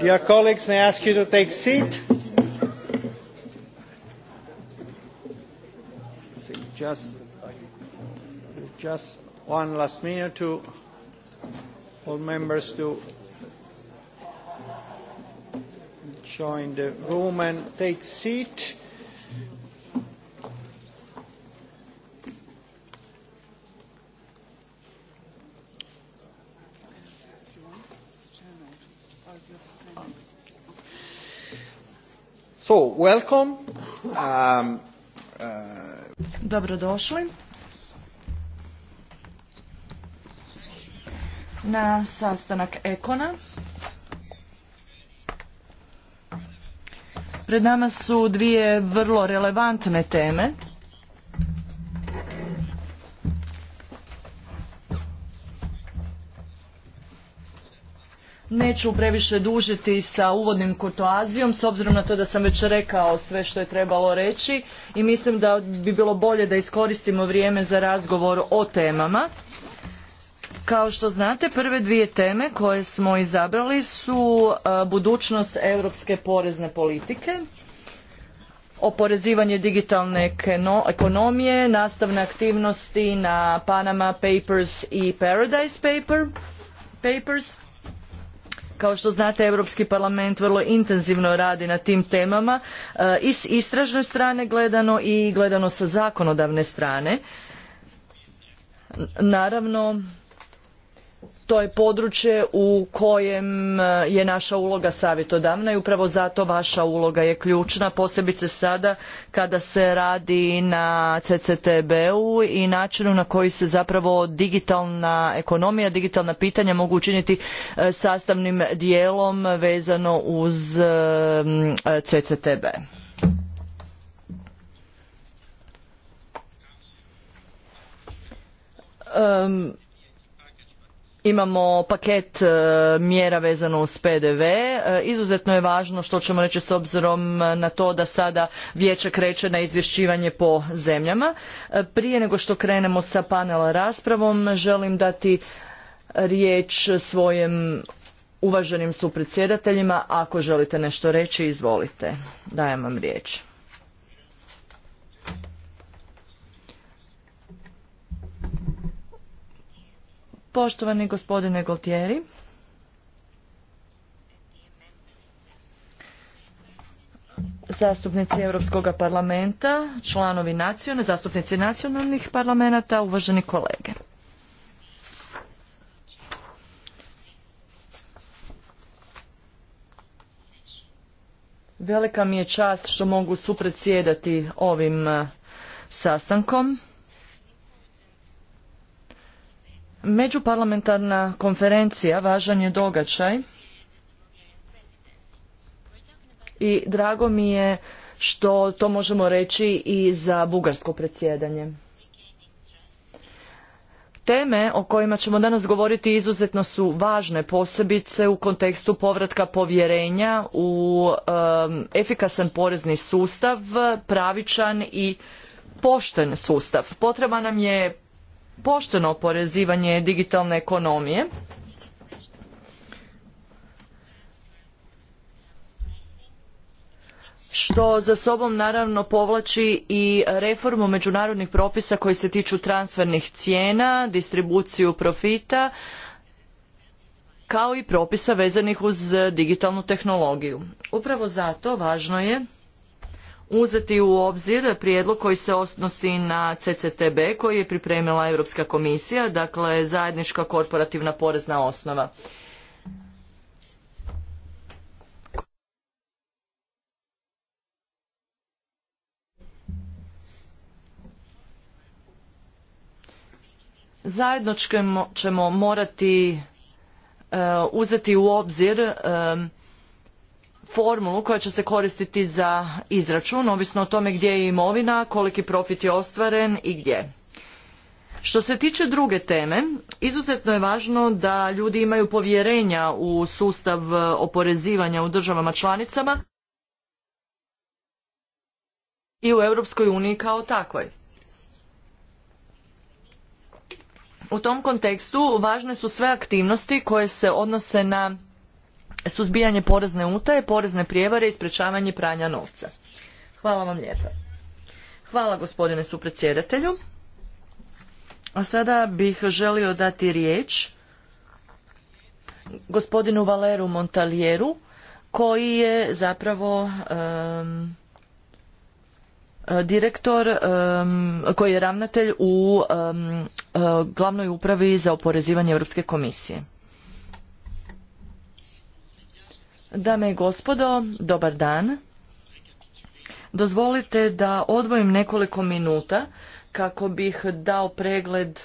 Dear colleagues, may ask you to take seat? Just, just one last minute to all members to join the room and take seat. welcome. Um, uh, Dobrodošli. Na sastanak Ekona. Pred nama su dvije vrlo relevantne teme. Neću previše dužiti sa uvodnim kurtoazijom, s obzirom na to da sam već rekao sve što je trebalo reći i mislim da bi bilo bolje da iskoristimo vrijeme za razgovor o temama. Kao što znate, prve dvije teme koje smo izabrali su e, budućnost europske porezne politike, oporezivanje digitalne ekonomije, nastavne aktivnosti na Panama Papers i Paradise Paper, Papers, kao što znate, Europski parlament vrlo intenzivno radi na tim temama eh, i s istražne strane gledano i gledano sa zakonodavne strane. Naravno, to je područje u kojem e, je naša uloga savjetodavna i upravo zato vaša uloga je ključna, posebice sada kada se radi na CCTB-u i načinu na koji se zapravo digitalna ekonomija, digitalna pitanja mogu učiniti e, sastavnim dijelom vezano uz e, CCTB. Imamo paket e, mjera vezano uz PDV. E, izuzetno je važno što ćemo reći s obzirom na to da sada vijeće kreće na izvješćivanje po zemljama. E, prije nego što krenemo sa panela raspravom, želim dati riječ svojim uvaženim supredsjedateljima. Ako želite nešto reći, izvolite. Dajem vam riječ. Poštovani gospodine Goltieri, zastupnici Europskog parlamenta, članovi nacione, zastupnici nacionalnih parlamenta, uvaženi kolege. Velika mi je čast što mogu supredsjedati ovim eh, sastankom. Međuparlamentarna konferencija važan je događaj i drago mi je što to možemo reći i za bugarsko predsjedanje. Teme o kojima ćemo danas govoriti izuzetno su važne, posebice u kontekstu povratka povjerenja u efikasan porezni sustav, pravičan i pošten sustav. Potreba nam je pošteno oporezivanje digitalne ekonomije. što za sobom naravno povlači i reformu međunarodnih propisa koji se tiču transfernih cijena, distribuciju profita, kao i propisa vezanih uz digitalnu tehnologiju. Upravo zato važno je uzeti u obzir prijedlog koji se odnosi na CCTB koji je pripremila Europska komisija, dakle zajednička korporativna porezna osnova. Zajedno ćemo, morati e, uzeti u obzir e, formulu koja će se koristiti za izračun, ovisno o tome gdje je imovina, koliki profit je ostvaren i gdje. Što se tiče druge teme, izuzetno je važno da ljudi imaju povjerenja u sustav e, oporezivanja u državama članicama i u Europskoj uniji kao takvoj. U tom kontekstu važne su sve aktivnosti koje se odnose na suzbijanje porezne utaje, porezne prijevare i sprečavanje pranja novca. Hvala vam lijepa. Hvala gospodine supredsjedatelju. A sada bih želio dati riječ gospodinu Valeru Montaljeru, koji je zapravo direktor koji je ravnatelj u e, glavnoj upravi za oporezivanje Europske komisije. Dame i gospodo, dobar dan. Dozvolite da odvojim nekoliko minuta kako bih dao pregled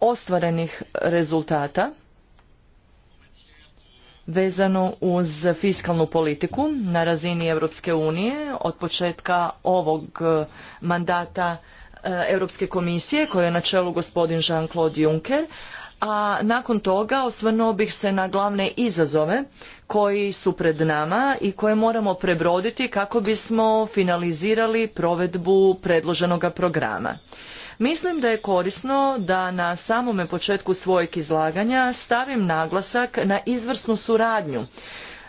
ostvarenih rezultata vezano uz fiskalnu politiku na razini Europske unije od početka ovog e, mandata e, Europske komisije koje je na čelu gospodin Jean-Claude Juncker, a nakon toga osvrnuo bih se na glavne izazove koji su pred nama i koje moramo prebroditi kako bismo finalizirali provedbu predloženoga programa. Mislim da je korisno da na samome početku svojeg izlaganja stavim naglasak na izvrsnu suradnju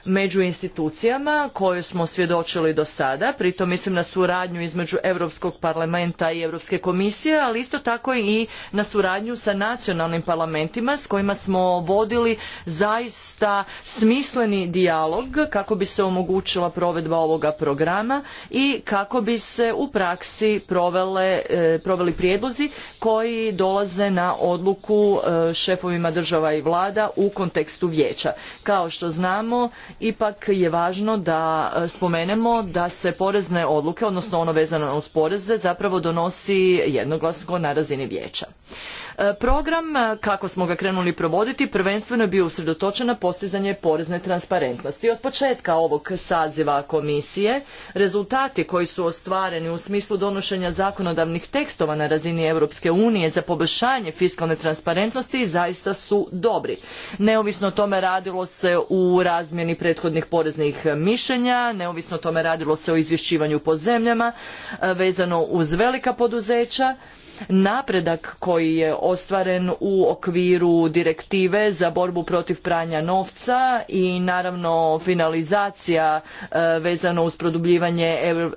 među institucijama koje smo svjedočili do sada, pritom mislim na suradnju između Europskog parlamenta i Europske komisije, ali isto tako i na suradnju sa nacionalnim parlamentima s kojima smo vodili zaista smisleni dijalog kako bi se omogućila provedba ovoga programa i kako bi se u praksi e, proveli prijedlozi koji dolaze na odluku e, šefovima država i vlada u kontekstu vijeća. Kao što znamo, ipak je važno da e, spomenemo da se porezne odluke, odnosno ono vezano uz poreze, zapravo donosi jednoglasno na razini vijeća. E, program, e, kako smo ga krenuli provoditi, prvenstveno je bio usredotočen na postizanje porezne transparentnosti. Od početka ovog saziva komisije, rezultati koji su ostvareni u smislu donošenja zakonodavnih tekstova na razini Europske unije za poboljšanje fiskalne transparentnosti zaista su dobri. Neovisno o tome radilo se u razmjeni prethodnih poreznih mišljenja, neovisno o tome radilo se o izvješćivanju po zemljama, e, vezano uz velika poduzeća, napredak koji je ostvaren u okviru direktive za borbu protiv pranja novca i naravno finalizacija e, vezano uz produbljivanje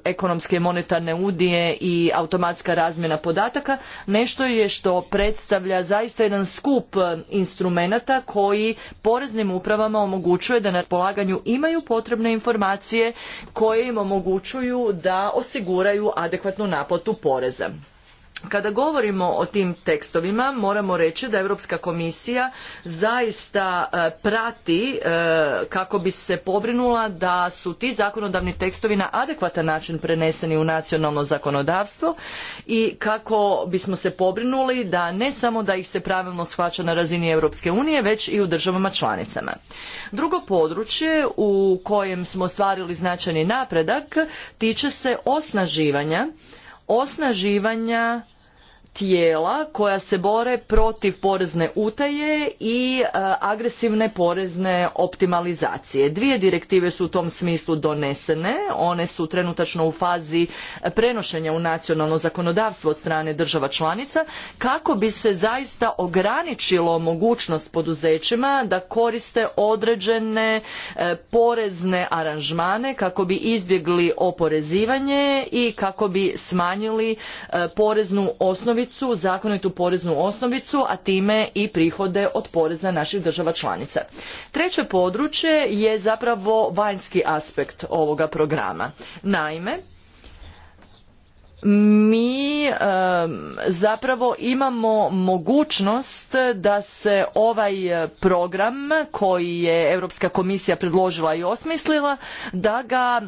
ekonomske i monetarne udije i automatska razmjena podataka nešto je što predstavlja zaista jedan skup instrumenata koji poreznim upravama omogućuje da na raspolaganju imaju potrebne informacije koje im omogućuju da osiguraju adekvatnu naplatu poreza. Kada govorimo o tim tekstovima moramo reći da Europska komisija zaista e, prati e, kako bi se pobrinula da su ti zakonodavni tekstovi na adekvatan način preneseni u nacionalno zakonodavstvo i kako bismo se pobrinuli da ne samo da ih se pravilno shvaća na razini Europske unije već i u državama članicama. Drugo područje u kojem smo ostvarili značajni napredak tiče se osnaživanja osnaživanja tijela koja se bore protiv porezne utaje i e, agresivne porezne optimalizacije. Dvije direktive su u tom smislu donesene, one su trenutačno u fazi prenošenja u nacionalno zakonodavstvo od strane država članica kako bi se zaista ograničilo mogućnost poduzećima da koriste određene e, porezne aranžmane kako bi izbjegli oporezivanje i kako bi smanjili e, poreznu osnovicu osnovicu, zakonitu poreznu osnovicu, a time i prihode od poreza naših država članica. Treće područje je zapravo vanjski aspekt ovoga programa. Naime, mi zapravo imamo mogućnost da se ovaj e, program koji je Europska komisija predložila i osmislila da ga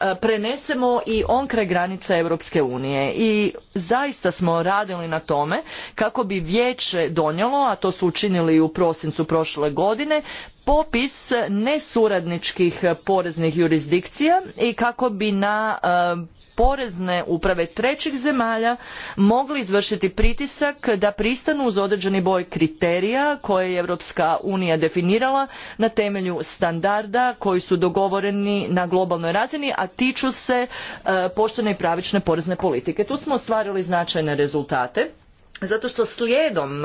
e, prenesemo i on kraj granica Europske unije i zaista smo radili na tome kako bi vijeće donijelo, a to su učinili u prosincu prošle godine, popis nesuradničkih poreznih jurisdikcija i kako bi na porezne uprave trećih zemalja mogli izvršiti pritisak da pristanu uz određeni boj kriterija koje je Europska unija definirala na temelju standarda koji su dogovoreni na globalnoj razini, a tiču se e, poštene i pravične porezne politike. Tu smo ostvarili značajne rezultate zato što slijedom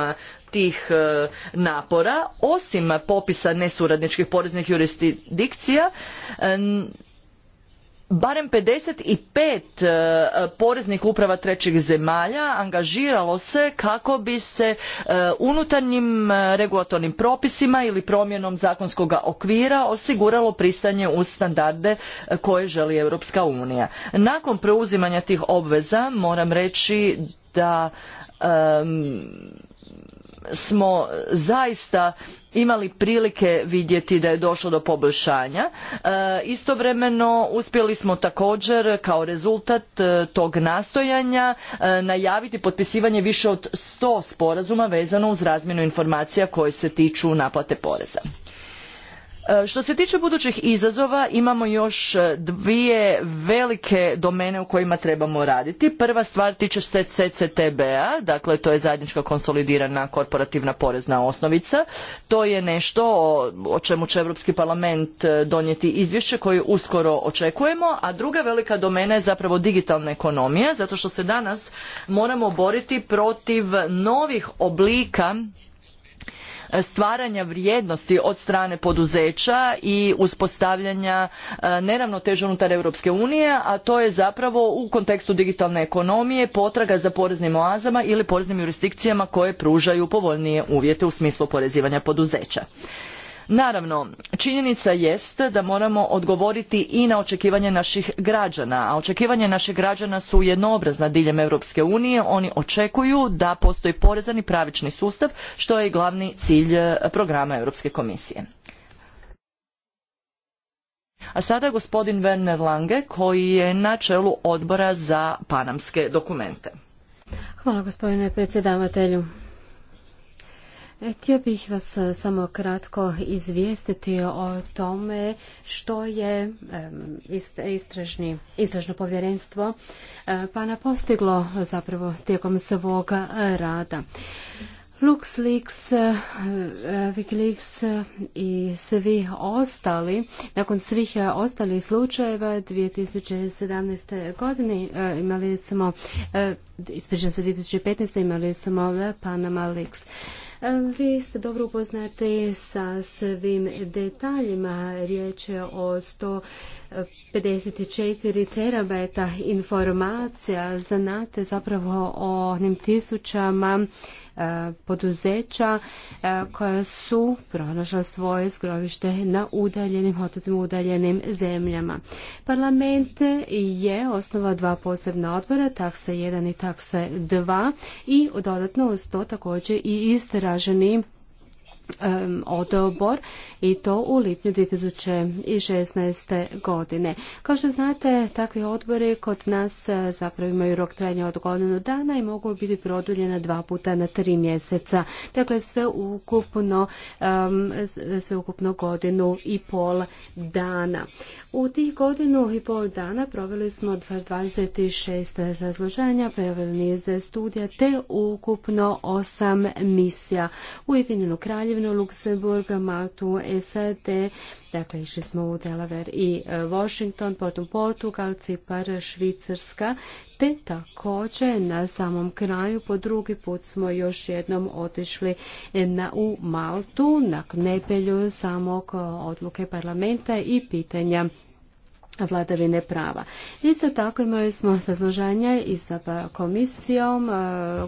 tih e, napora osim popisa nesuradničkih poreznih jurisdikcija barem 55 e, poreznih uprava trećih zemalja angažiralo se kako bi se e, unutarnjim e, regulatornim propisima ili promjenom zakonskog okvira osiguralo pristanje u standarde koje želi Europska unija. Nakon preuzimanja tih obveza moram reći da smo zaista imali prilike vidjeti da je došlo do poboljšanja. E, istovremeno uspjeli smo također kao rezultat e, tog nastojanja e, najaviti potpisivanje više od 100 sporazuma vezano uz razmjenu informacija koje se tiču naplate poreza. E, što se tiče budućih izazova, imamo još e, dvije velike domene u kojima trebamo raditi. Prva stvar tiče se CCTB-a, dakle to je zajednička konsolidirana korporativna porezna osnovica. To je nešto o čemu će Europski parlament e, donijeti izvješće koje uskoro očekujemo, a druga velika domena je zapravo digitalna ekonomija, zato što se danas moramo boriti protiv novih oblika stvaranja vrijednosti od strane poduzeća i uspostavljanja e, neravnoteže unutar Europske unije, a to je zapravo u kontekstu digitalne ekonomije potraga za poreznim oazama ili poreznim jurisdikcijama koje pružaju povoljnije uvjete u smislu porezivanja poduzeća. Naravno, činjenica jest da moramo odgovoriti i na očekivanje naših građana, a očekivanje naših građana su jednoobrazna diljem Europske unije. Oni očekuju da postoji porezan i pravični sustav, što je i glavni cilj eh, programa Europske komisije. A sada gospodin Werner Lange koji je na čelu odbora za panamske dokumente. Hvala gospodine predsjedavatelju. Htio bih vas e, samo kratko izvijestiti o tome što je istražno povjerenstvo e, pana postiglo zapravo tijekom svoga rada. LuxLeaks, e, Wikileaks i svi ostali, nakon svih ostalih slučajeva 2017. godine imali smo, ispričam se 2015. imali smo Panama Leaks. Vi ste dobro upoznati sa svim detaljima. Riječ je o 154 terabajta informacija. Znate zapravo o onim tisućama E, poduzeća e, koja su pronašla svoje zgrovište na udaljenim otocima, udaljenim zemljama. Parlament je osnova dva posebna odbora, takse 1 i takse 2 i dodatno uz to također i istraženi odobor i to u lipnju 2016. godine. Kao što znate, takvi odbori kod nas e, zapravo imaju rok trajanja od godinu dana i mogu biti produljena dva puta na tri mjeseca. Dakle, sve ukupno, sve ukupno godinu i pol dana. U tih godinu i pol dana proveli smo 26 razloženja, proveli niz studija te ukupno osam misija u Ujedinjenu Kraljevinu Maltu, SAD, dakle išli smo u Delaware i e, Washington, potom Portugal, Cipar, Švicarska, te također na samom kraju po drugi put smo još jednom otišli e, na, u Maltu na knepelju samog e, odluke parlamenta i pitanja vladavine prava. Isto tako imali smo složanje i sa pa komisijom, e,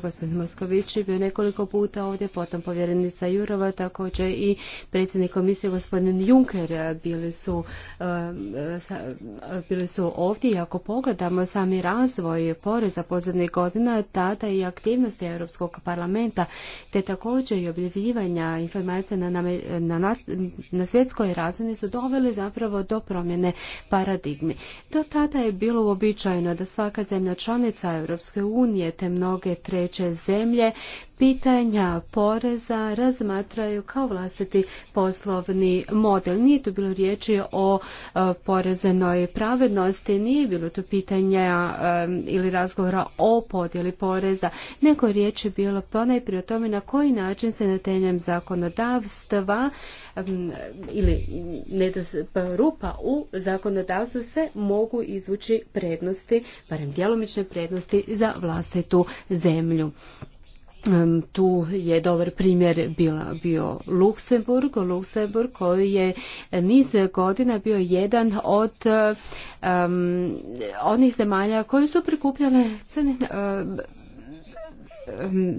gospodin Mosković je bio nekoliko puta ovdje, potom povjerenica Jurova, također i predsjednik komisije gospodin Juncker e, bili su, e, bili su ovdje i ako pogledamo sami razvoj poreza pozadnih godina, tada i aktivnosti Europskog parlamenta, te također i objavljivanja informacija na, svjetskoj razini su doveli zapravo do promjene paradigma paradigmi. Do tada je bilo uobičajeno da svaka zemlja članica Europske unije te mnoge treće zemlje pitanja poreza razmatraju kao vlastiti poslovni model. Nije tu bilo riječi o e, porezenoj pravednosti, nije bilo tu pitanja e, ili razgovora o podjeli poreza, nego riječ je bilo ponajprije o tome na koji način se na temeljem zakonodavstva ili pa rupa u zakonodavstvu se mogu izvući prednosti, barem djelomične prednosti za vlastitu zemlju tu je dobar primjer bila, bio Luksemburg, Luksemburg koji je niz godina bio jedan od onih zemalja koji su prikupljale crne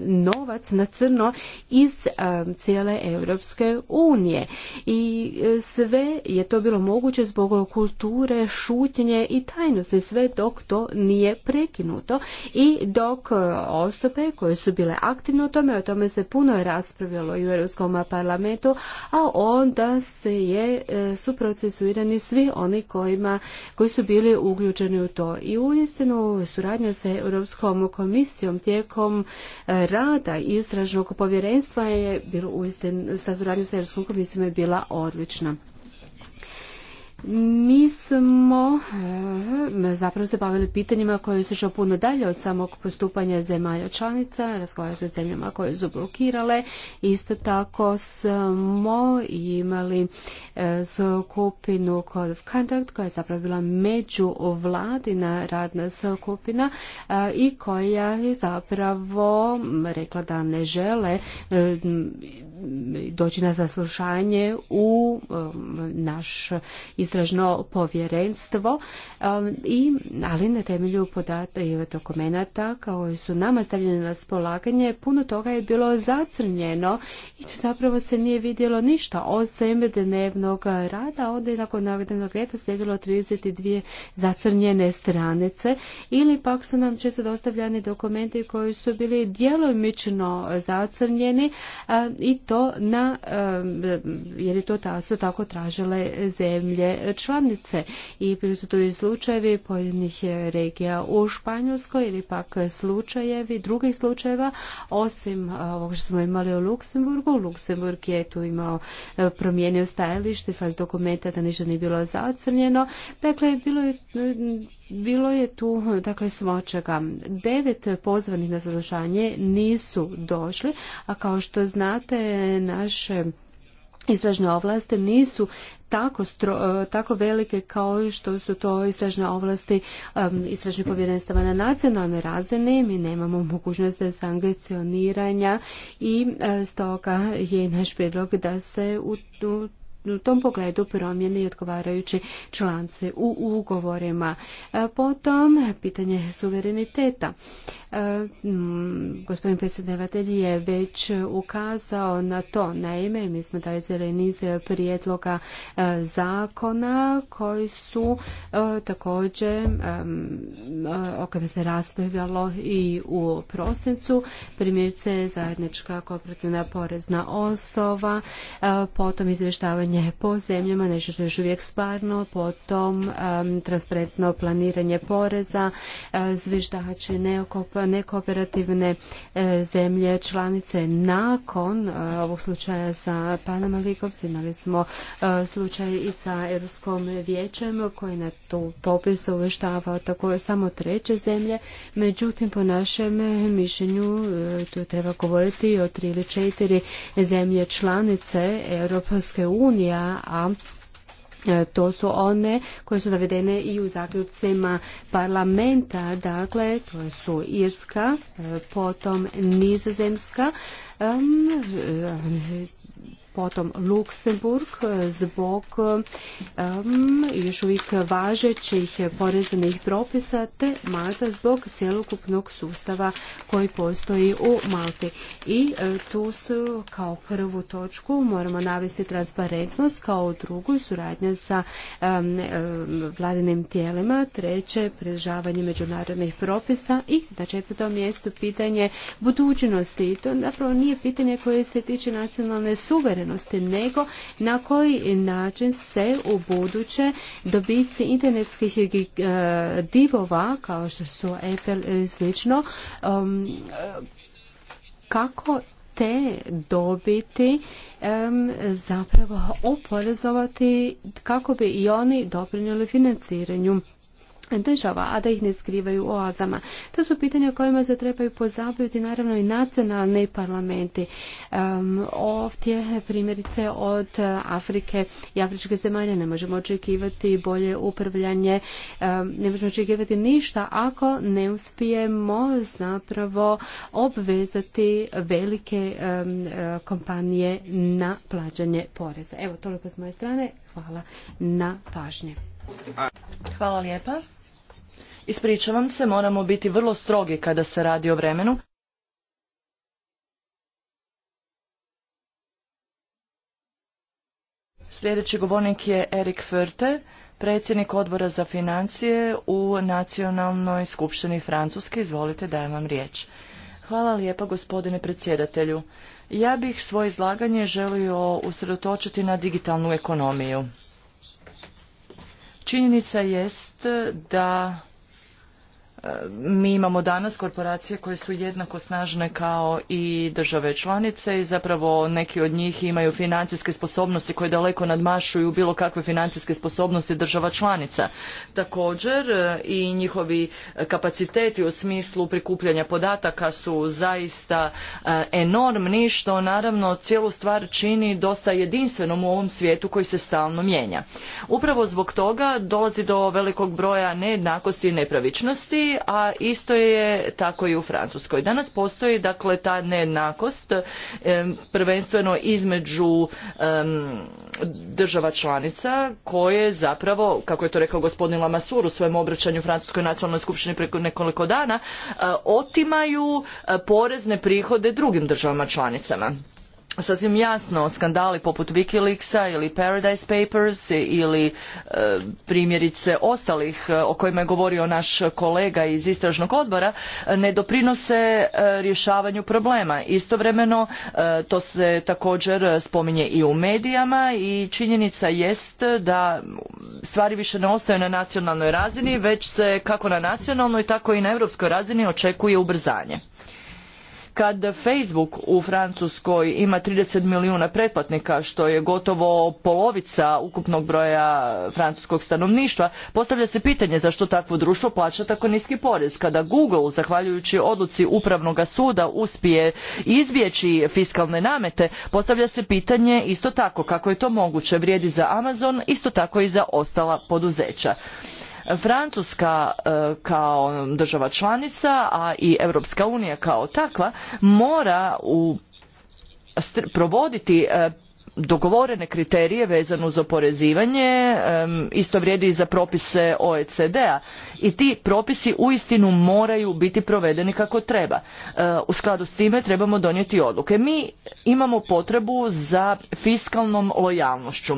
novac na crno iz cijele Europske unije. I e, sve je to bilo moguće zbog kulture, šutnje i tajnosti, sve dok to nije prekinuto i dok e, osobe koje su bile aktivne u tome, o tome se puno je raspravljalo u Europskom parlamentu, a onda se je, e, su procesuirani svi oni kojima, koji su bili uključeni u to. I uistinu suradnja sa Europskom komisijom tijekom rada istražnog povjerenstva je bilo uistinu, ta suradnja sa Europskom komisijom je bila odlična. Mi smo e, zapravo se bavili pitanjima koje su što puno dalje od samog postupanja zemalja članica, razgovarali sa zemljama koje su blokirale. Isto tako smo imali e, skupinu Code of Conduct koja je zapravo bila međuvladina radna skupina e, i koja je zapravo rekla da ne žele doći na zaslušanje u naš istražno povjerenstvo um, i ali na temelju podata i dokumenata kao su nama stavljene na raspolaganje puno toga je bilo zacrnjeno i zapravo se nije vidjelo ništa osim dnevnog rada onda je nakon dnevnog reda slijedilo 32 zacrnjene stranice ili pak su nam često dostavljani dokumenti koji su bili djelomično zacrnjeni i to na um, jer je to ta, su tako tražile zemlje članice i bili su tu i slučajevi pojedinih regija u Španjolskoj ili pak slučajevi drugih slučajeva osim ovog što smo imali u Luksemburgu. Luksemburg je tu imao e, promijenio stajalište sa dokumenta da ništa nije bilo zacrnjeno. Dakle, bilo je, bilo je tu dakle čega Devet pozvanih na zadržanje nisu došli, a kao što znate naše Istražne ovlasti nisu tako, e, tako velike kao što su to istražne ovlasti istražnih povjerenstava na nacionalnoj razini. Mi nemamo mogućnost sankcioniranja i e, stoga je naš prijedlog da se u tom pogledu promjene i odgovarajući članci u ugovorima. E, potom pitanje suvereniteta. E, mm, gospodin predsjedavatelj je već ukazao na to. Naime, mi smo dali zeleni niz prijedloga e, zakona koji su e, također o kojem se raspravljalo i u prosincu. Primjerice zajednička kooperativna porezna osoba, potom izvještavanje po zemljama, nešto što je još uvijek stvarno, potom transparentno planiranje poreza, zviždači neokop nekooperativne e, zemlje članice. Nakon e, ovog slučaja sa Panama imali smo e, slučaj i sa Europskom vijećem koji na tu popis uvrštavao tako samo treće zemlje. Međutim, po našem mišljenju tu treba govoriti o tri ili četiri zemlje članice Europske unije, a E, to su one koje su navedene i u zaključcima parlamenta, dakle to su Irska, e, potom Nizozemska, potom Luksemburg e, zbog e, još uvijek važećih poreznih propisa te Malta zbog cjelokupnog sustava koji postoji u Malti. I e, tu su kao prvu točku moramo navesti transparentnost, kao drugu suradnja sa vladinim tijelima, treće prežavanje međunarodnih propisa i na četvrtom mjestu pitanje budućnosti. I to zapravo nije pitanje koje se tiče nacionalne suverenosti nego na koji način se u buduće dobici internetskih eh, divova, kao što su Apple i slično, um, kako te dobiti zapravo oporezovati kako bi i oni doprinijeli financiranju država, a da ih ne skrivaju u oazama. To su pitanja kojima se trebaju pozabaviti naravno i nacionalni parlamenti. ovdje primjerice od Afrike i afričke zemalje. ne možemo očekivati bolje upravljanje, ne možemo očekivati ništa ako ne uspijemo zapravo obvezati velike kompanije na plaćanje poreza. Evo toliko s moje strane. Hvala na pažnje. Hvala lijepa. Ispričavam se, moramo biti vrlo strogi kada se radi o vremenu. Sljedeći govornik je Erik Förte, predsjednik odbora za financije u Nacionalnoj skupštini Francuske. Izvolite, dajem vam riječ. Hvala lijepa gospodine predsjedatelju. Ja bih svoje izlaganje želio usredotočiti na digitalnu ekonomiju. Činjenica jest da mi imamo danas korporacije koje su jednako snažne kao i države članice i zapravo neki od njih imaju financijske sposobnosti koje daleko nadmašuju bilo kakve financijske sposobnosti država članica. Također e, i njihovi e, kapaciteti u smislu prikupljanja podataka su zaista e, enormni što naravno cijelu stvar čini dosta jedinstvenom u ovom svijetu koji se stalno mijenja. Upravo zbog toga dolazi do velikog broja nejednakosti i nepravičnosti a isto je tako i u Francuskoj. Danas postoji dakle ta nejednakost prvenstveno između država članica koje zapravo, kako je to rekao gospodin Lamassur u svojem obraćanju Francuskoj nacionalnoj skupštini preko nekoliko dana, eh, otimaju eh, porezne prihode drugim državama članicama sasvim jasno skandali poput Wikileaksa ili Paradise Papers ili e, primjerice ostalih e, o kojima je govorio naš kolega iz istražnog odbora e, ne doprinose rješavanju problema. Istovremeno to se također spominje i u medijama i činjenica jest da stvari više ne ostaju na nacionalnoj razini već se kako na nacionalnoj tako i na europskoj razini očekuje ubrzanje. Kad Facebook u Francuskoj ima 30 milijuna pretplatnika, što je gotovo polovica ukupnog broja francuskog stanovništva, postavlja se pitanje zašto takvo društvo plaća tako niski porez. Kada Google, zahvaljujući odluci Upravnog suda, uspije izbjeći fiskalne namete, postavlja se pitanje isto tako kako je to moguće vrijedi za Amazon, isto tako i za ostala poduzeća. Francuska e, kao država članica, a i Europska unija kao takva mora provoditi e, dogovorene kriterije vezano uz oporezivanje isto vrijedi i za propise OECD-a i ti propisi uistinu moraju biti provedeni kako treba. E, u skladu s time trebamo donijeti odluke. Mi imamo potrebu za fiskalnom lojalnošću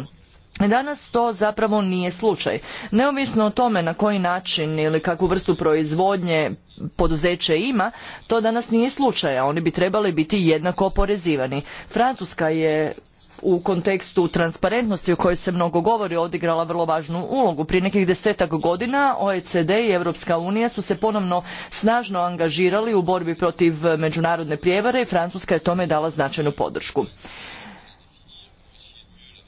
Danas to zapravo nije slučaj. Neovisno o tome na koji način ili kakvu vrstu proizvodnje poduzeće ima, to danas nije slučaj, a oni bi trebali biti jednako oporezivani. Francuska je u kontekstu transparentnosti o kojoj se mnogo govori odigrala vrlo važnu ulogu. Prije nekih desetak godina OECD i Europska unija su se ponovno snažno angažirali u borbi protiv međunarodne prijevare i Francuska je tome dala značajnu podršku.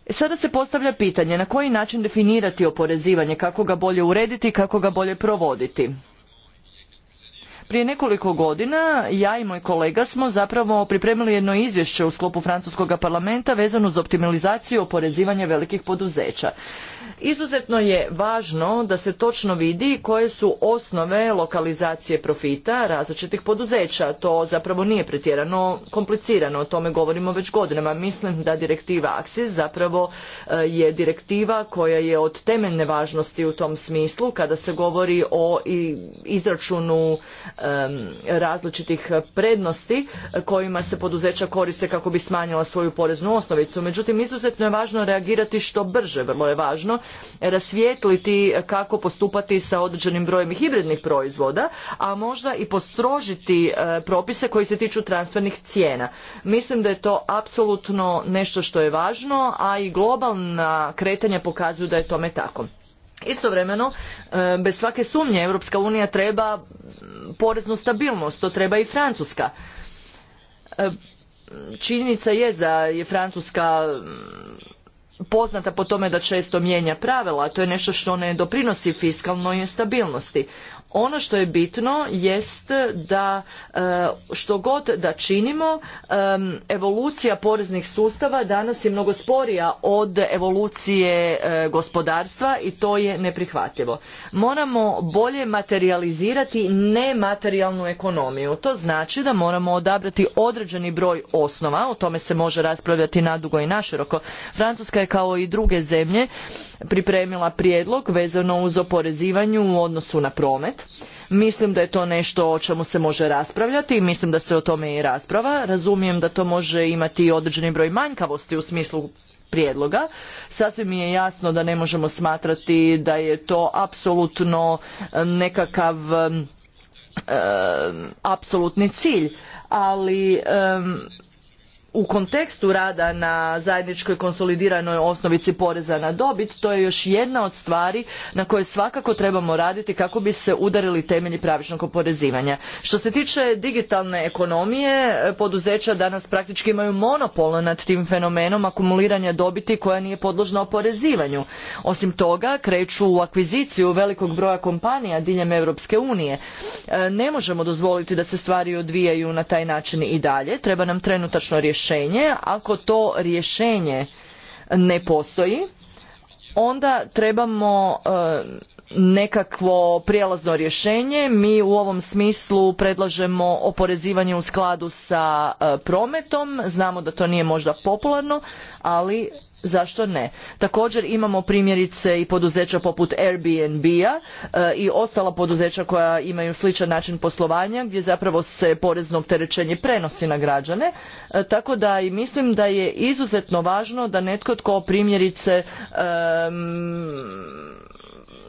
E, sada se postavlja pitanje na koji način definirati oporezivanje, kako ga bolje urediti, i kako ga bolje provoditi. Prije nekoliko godina ja i moj kolega smo zapravo pripremili jedno izvješće u sklopu francuskog parlamenta vezano uz optimalizaciju oporezivanja velikih poduzeća. Izuzetno je važno da se točno vidi koje su osnove lokalizacije profita različitih poduzeća. To zapravo nije pretjerano komplicirano, o tome govorimo već godinama. Mislim da direktiva AXIS zapravo e, je direktiva koja je od temeljne važnosti u tom smislu kada se govori o izračunu različitih prednosti kojima se poduzeća koriste kako bi smanjila svoju poreznu osnovicu. Međutim, izuzetno je važno reagirati što brže, vrlo je važno rasvijetliti kako postupati sa određenim brojem hibridnih proizvoda, a možda i postrožiti e, propise koji se tiču transfernih cijena. Mislim da je to apsolutno nešto što je važno, a i globalna kretanja pokazuju da je tome tako. Istovremeno, e, bez svake sumnje, Europska unija treba poreznu stabilnost, to treba i Francuska. E, činjenica je da je Francuska poznata po tome da često mijenja pravila, a to je nešto što ne doprinosi fiskalnoj stabilnosti. Ono što je bitno jest da e, što god da činimo, e, evolucija poreznih sustava danas je mnogo sporija od evolucije e, gospodarstva i to je neprihvatljivo. Moramo bolje materializirati nematerijalnu ekonomiju. To znači da moramo odabrati određeni broj osnova, o tome se može raspravljati nadugo i naširoko. Francuska je kao i druge zemlje pripremila prijedlog vezano uz oporezivanju u odnosu na promet. Mislim da je to nešto o čemu se može raspravljati i mislim da se o tome i rasprava. Razumijem da to može imati određeni broj manjkavosti u smislu prijedloga. Sasvim je jasno da ne možemo smatrati da je to apsolutno eh, nekakav eh, apsolutni cilj, ali u kontekstu rada na zajedničkoj konsolidiranoj osnovici poreza na dobit to je još jedna od stvari na koje svakako trebamo raditi kako bi se udarili temelji pravičnog oporezivanja. Što se tiče digitalne ekonomije, poduzeća danas praktički imaju monopol nad tim fenomenom akumuliranja dobiti koja nije podložna oporezivanju. Osim toga, kreću u akviziciju velikog broja kompanija diljem Europske unije. E, ne možemo dozvoliti da se stvari odvijaju na taj način i dalje. Treba nam trenutačno rješenje rješenje. Ako to rješenje ne postoji, onda trebamo nekakvo prijelazno rješenje. Mi u ovom smislu predlažemo oporezivanje u skladu sa e, prometom. Znamo da to nije možda popularno, ali zašto ne? Također imamo primjerice i poduzeća poput Airbnb-a e, i ostala poduzeća koja imaju sličan način poslovanja gdje zapravo se porezno opterećenje prenosi na građane. E, tako da i mislim da je izuzetno važno da netko tko primjerice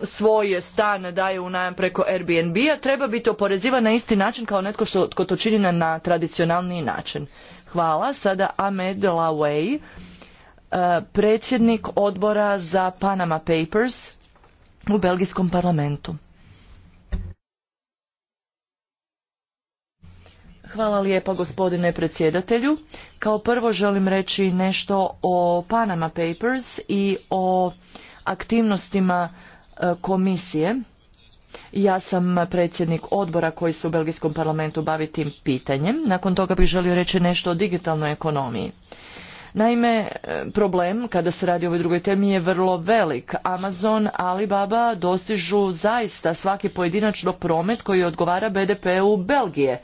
svoj stan daje u najam preko Airbnb-a treba biti oporezivan na isti način kao netko što, tko to čini na, tradicionalni tradicionalniji način. Hvala. Sada Ahmed Way, e, predsjednik odbora za Panama Papers u Belgijskom parlamentu. Hvala lijepo, gospodine predsjedatelju. Kao prvo želim reći nešto o Panama Papers i o aktivnostima E, komisije. Ja sam predsjednik odbora koji se u Belgijskom parlamentu bavi tim pitanjem. Nakon toga bih želio reći nešto o digitalnoj ekonomiji. Naime, e, problem kada se radi o ovoj drugoj temi je vrlo velik. Amazon, Alibaba dostižu zaista svaki pojedinačno promet koji odgovara BDP-u Belgije.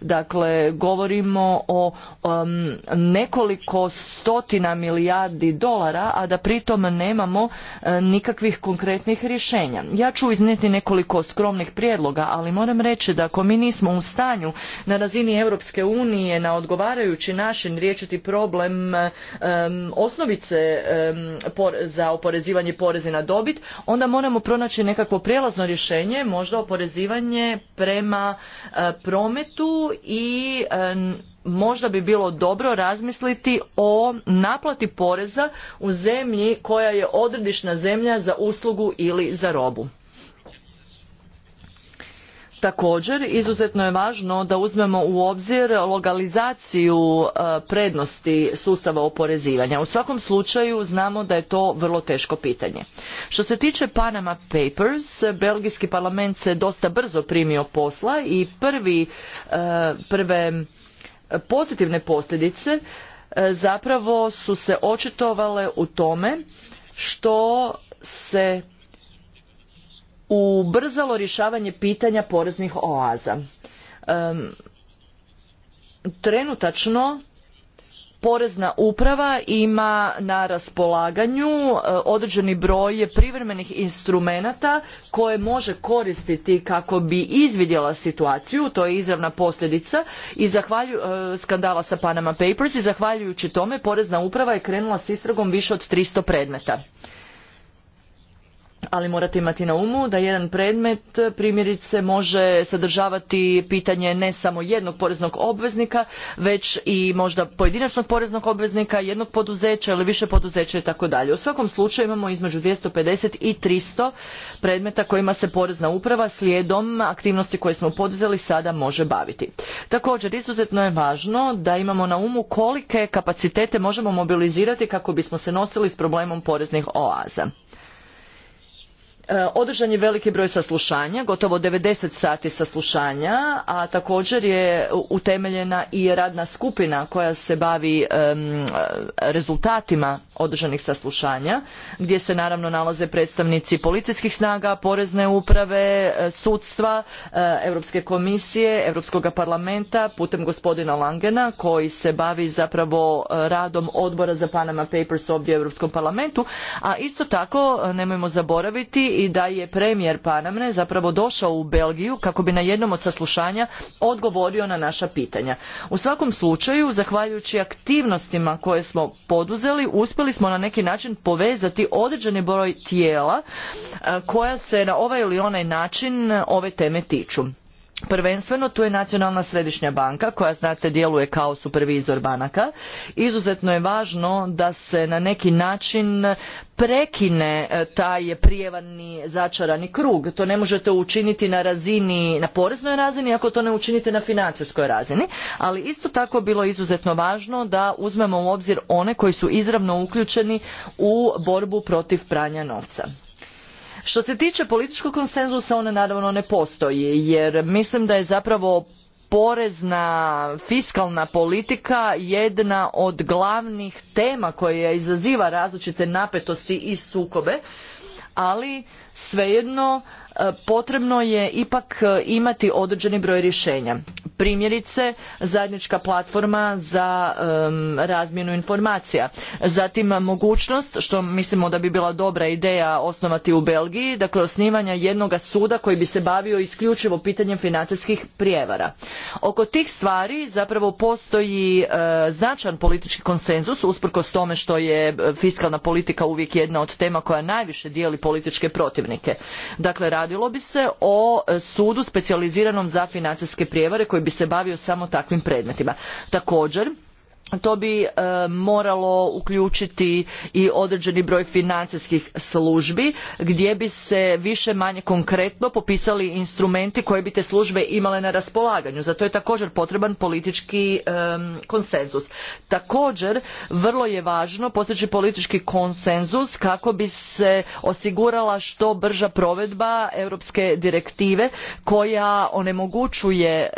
Dakle, govorimo o um, nekoliko stotina milijardi dolara, a da pritom nemamo uh, nikakvih konkretnih rješenja. Ja ću iznijeti nekoliko skromnih prijedloga, ali moram reći da ako mi nismo u stanju na razini Europske unije na odgovarajući način riješiti problem um, osnovice um, za oporezivanje poreze na dobit, onda moramo pronaći nekakvo prijelazno rješenje, možda oporezivanje prema uh, prometu i e, možda bi bilo dobro razmisliti o naplati poreza u zemlji koja je odredišna zemlja za uslugu ili za robu. Također, izuzetno je važno da uzmemo u obzir lokalizaciju e, prednosti sustava oporezivanja. U svakom slučaju znamo da je to vrlo teško pitanje. Što se tiče Panama Papers, Belgijski parlament se dosta brzo primio posla i prvi, e, prve e, pozitivne posljedice zapravo su se očitovale u tome što se ubrzalo rješavanje pitanja poreznih oaza. trenutačno porezna uprava ima na raspolaganju e, određeni broj privremenih instrumenata koje može koristiti kako bi izvidjela situaciju to je izravna posljedica i zahvalju, e, skandala sa Panama Papers i zahvaljujući tome porezna uprava je krenula s istragom više od 300 predmeta ali morate imati na umu da jedan predmet primjerice može sadržavati pitanje ne samo jednog poreznog obveznika već i možda pojedinačnog poreznog obveznika, jednog poduzeća ili više poduzeća i tako dalje. U svakom slučaju imamo između 250 i 300 predmeta kojima se porezna uprava slijedom aktivnosti koje smo poduzeli sada može baviti. Također izuzetno je važno da imamo na umu kolike kapacitete možemo mobilizirati kako bismo se nosili s problemom poreznih oaza. Eh, održan je veliki broj saslušanja, gotovo 90 sati saslušanja, a također je utemeljena i radna skupina koja se bavi rezultatima održanih saslušanja, gdje se naravno nalaze predstavnici policijskih snaga, porezne uprave, eh, sudstva, eh, Europske komisije, Europskog parlamenta, putem gospodina Langena koji se bavi zapravo radom odbora za Panama Papers ovdje u Europskom parlamentu, a isto tako nemojmo zaboraviti i da je premijer Panamne zapravo došao u Belgiju kako bi na jednom od saslušanja odgovorio na naša pitanja. U svakom slučaju, zahvaljujući aktivnostima koje smo poduzeli, uspjeli smo na neki način povezati određeni broj tijela koja se na ovaj ili onaj način ove teme tiču. Prvenstveno tu je Nacionalna središnja banka koja znate djeluje kao supervizor banaka. Izuzetno je važno da se na neki način prekine e, taj prijevarni začarani krug. To ne možete učiniti na razini, na poreznoj razini ako to ne učinite na financijskoj razini. Ali isto tako bilo izuzetno važno da uzmemo u obzir one koji su izravno uključeni u borbu protiv pranja novca. Što se tiče političkog konsenzusa, one naravno ne postoji, jer mislim da je zapravo porezna fiskalna politika jedna od glavnih tema koja izaziva različite napetosti i sukobe, ali svejedno potrebno je ipak e, imati određeni broj rješenja. Primjerice, zajednička platforma za razmjenu informacija. Zatim mogućnost, što mislimo da bi bila dobra ideja osnovati u Belgiji, dakle osnivanja jednoga suda koji bi se bavio isključivo pitanjem financijskih prijevara. Oko tih stvari zapravo postoji uh, značajan politički konsenzus usprkos tome što je e, fiskalna politika uvijek jedna od tema koja najviše dijeli političke protivnike. Dakle, radilo bi se o e, sudu specijaliziranom za financijske prijevare koji bi se bavio samo takvim predmetima. Također, to bi e, moralo uključiti i određeni broj financijskih službi gdje bi se više manje konkretno popisali instrumenti koje bi te službe imale na raspolaganju zato je također potreban politički e, konsenzus također vrlo je važno postići politički konsenzus kako bi se osigurala što brža provedba europske direktive koja onemogućuje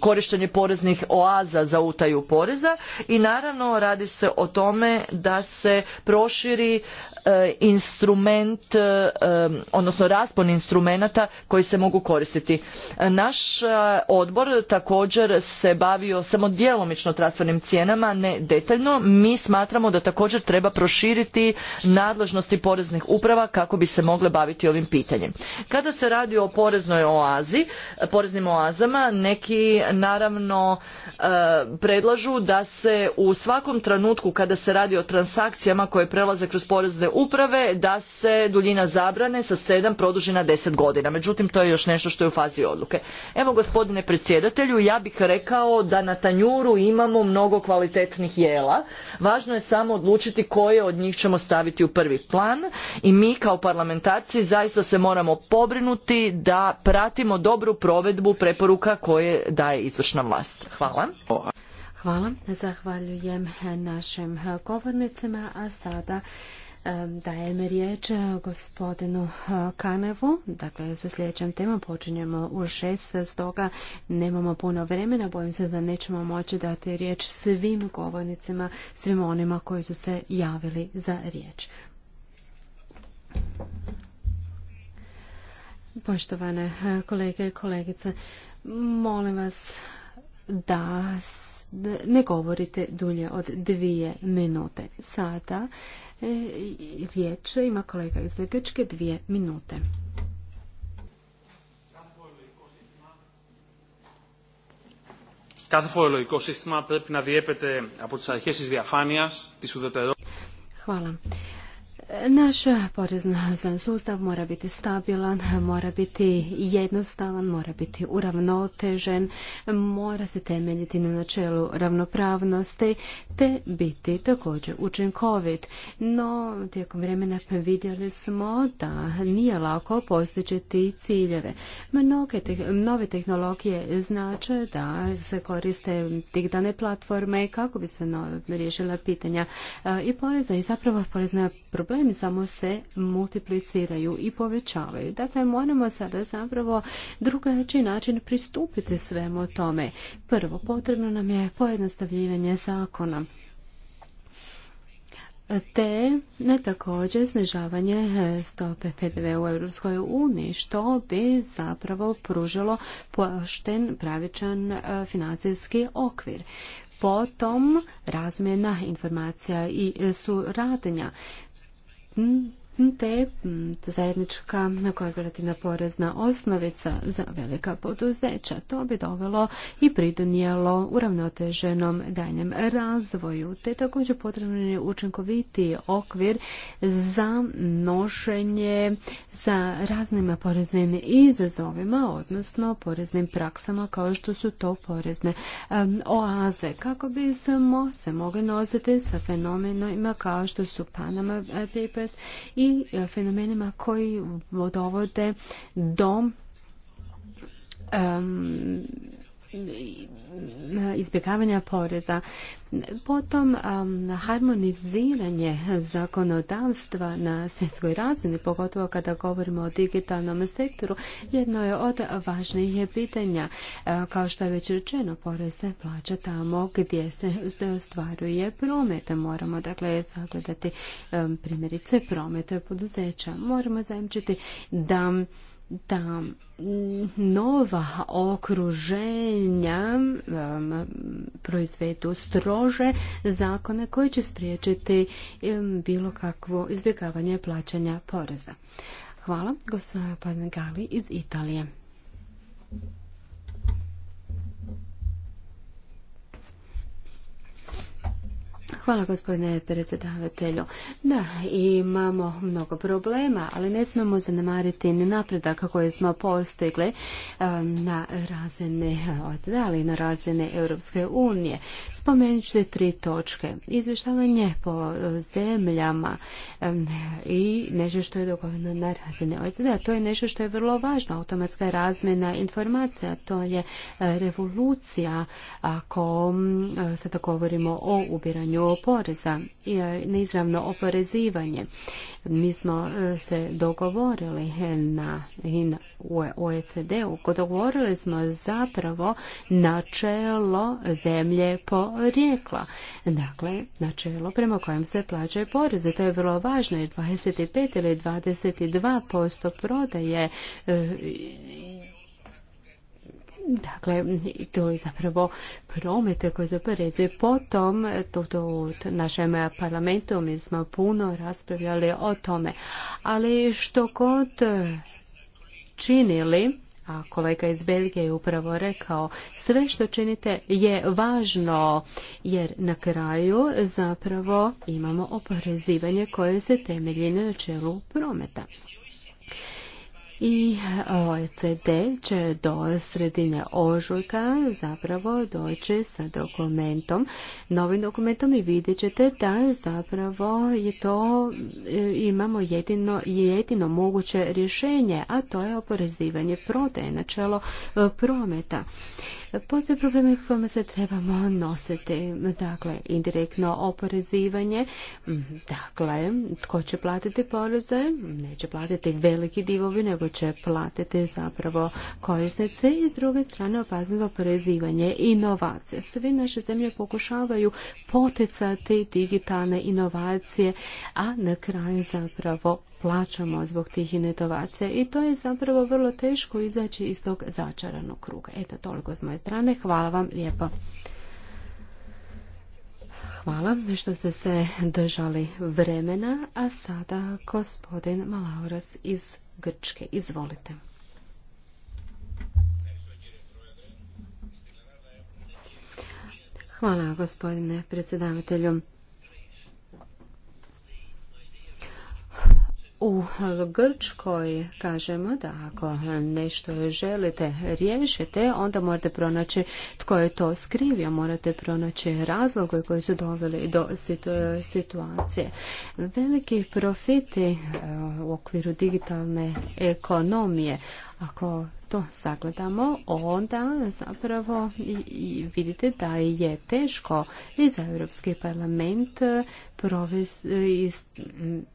korištenje poreznih oaza za utaju poreza i naravno radi se o tome da se proširi E, instrument, e, e, odnosno raspon instrumenata koji se mogu koristiti. Naš odbor također se bavio samo djelomično transfernim cijenama, ne detaljno. Mi smatramo da također treba proširiti nadležnosti poreznih uprava kako bi se mogle baviti ovim pitanjem. Kada se radi o poreznoj oazi, poreznim oazama, neki naravno predlažu da se u svakom trenutku kada se radi o transakcijama koje prelaze kroz porezne uprave da se duljina zabrane sa sedam produži na 10 godina. Međutim, to je još nešto što je u fazi odluke. Evo, gospodine predsjedatelju, ja bih rekao da na tanjuru imamo mnogo kvalitetnih jela. Važno je samo odlučiti koje od njih ćemo staviti u prvi plan i mi kao parlamentarci zaista se moramo pobrinuti da pratimo dobru provedbu preporuka koje daje izvršna vlast. Hvala. Hvala. Zahvaljujem našim govornicima, a sada Dajem riječ e, gospodinu e, Kanevu. Dakle, sa sljedećem temom počinjemo u šest, stoga nemamo puno vremena. Bojim se da nećemo moći dati riječ svim govornicima, svim onima koji su se javili za riječ. Poštovane e, kolege i kolegice, molim vas da ne govorite dulje od dvije minute. Sada E, riječ ima kolega iz Grčke, dvije minute. Κάθε φορολογικό σύστημα πρέπει Hvala. Naš porezni sustav mora biti stabilan, mora biti jednostavan, mora biti uravnotežen, mora se temeljiti na načelu ravnopravnosti te biti također učinkovit. No, tijekom vremena vidjeli smo da nije lako postići ti ciljeve. Mnoge nove tehnologije znače da se koriste tih dane platforme kako bi se no, riješila pitanja i poreza i zapravo porezna problem problemi samo se multipliciraju i povećavaju. Dakle, moramo sada zapravo drugačiji način pristupiti svemu tome. Prvo, potrebno nam je pojednostavljivanje zakona te ne također snižavanje stope PDV u Europskoj uniji, što bi zapravo pružilo pošten, pravičan e, financijski okvir. Potom razmjena informacija i e, suradnja. Martin te zajednička korporativna porezna osnovica za velika poduzeća. To bi dovelo i pridonijelo uravnoteženom danjem razvoju, te također potrebno je učinkoviti okvir za nošenje sa raznim poreznim izazovima, odnosno poreznim praksama kao što su to porezne oaze, kako bismo se mogli nositi sa fenomenima kao što su Panama Papers i E, fenomenima koji dovode do izbjegavanja poreza. Potom um, harmoniziranje zakonodavstva na svjetskoj razini, pogotovo kada govorimo o digitalnom sektoru, jedno je od važnijih pitanja. E, kao što je već rečeno, porez se plaća tamo gdje se ostvaruje promet. Moramo dakle sagledati um, primjerice prometa poduzeća. Moramo zajemčiti da da nova okruženja proizvedu strože zakone koji će spriječiti bilo kakvo izbjegavanje plaćanja poreza. Hvala, gospodin Gali iz Italije. Hvala gospodine predsjedavatelju. Da, imamo mnogo problema, ali ne smemo zanemariti ni napredak koje smo postigli eh, na razine ali na razine Europske unije. Spomenut ću tri točke. Izvještavanje po zemljama eh, i nešto što je dogovoreno na razine OECD. To je nešto što je vrlo važno. Automatska razmjena informacija, to je eh, revolucija ako sada govorimo o ubiranju o poreza i e, neizravno oporezivanje. Mi smo e, se dogovorili na, OECD-u, dogovorili smo zapravo načelo zemlje porijekla. Dakle, načelo prema kojem se plaćaju poreze. To je vrlo važno jer 25 ili 22 posto prodaje e, Dakle, to je zapravo promet koji zaporezuje. Potom, to, to u našem parlamentu mi smo puno raspravljali o tome. Ali što god činili, a kolega iz Belgije je upravo rekao, sve što činite je važno, jer na kraju zapravo imamo oporezivanje koje se temelji na načelu prometa i e, OECD će do sredine ožujka zapravo doći sa dokumentom, novim dokumentom i vidjet ćete da zapravo je to e, imamo jedino, jedino moguće rješenje, a to je oporezivanje prodaje, načelo e, prometa. Postoje problemi kojima se trebamo nositi. Dakle, indirektno oporezivanje. Dakle, tko će platiti poreze? Neće platiti veliki divovi, nego će platiti zapravo korisnice. I s druge strane, opazno oporezivanje inovacije. Sve naše zemlje pokušavaju poticati digitalne inovacije, a na kraju zapravo plaćamo zbog tih inetovace i to je zapravo vrlo teško izaći iz tog začaranog kruga. Eto, toliko s moje strane. Hvala vam lijepo. Hvala što ste se držali vremena, a sada gospodin Malauras iz Grčke. Izvolite. Hvala gospodine predsjedavatelju. u Grčkoj kažemo da ako nešto želite riješiti, onda morate pronaći tko je to skrivio, morate pronaći razloge koji su doveli do situacije. Veliki profiti e, u okviru digitalne ekonomije, ako to sagledamo, onda zapravo vidite da je teško i za Europski parlament proves,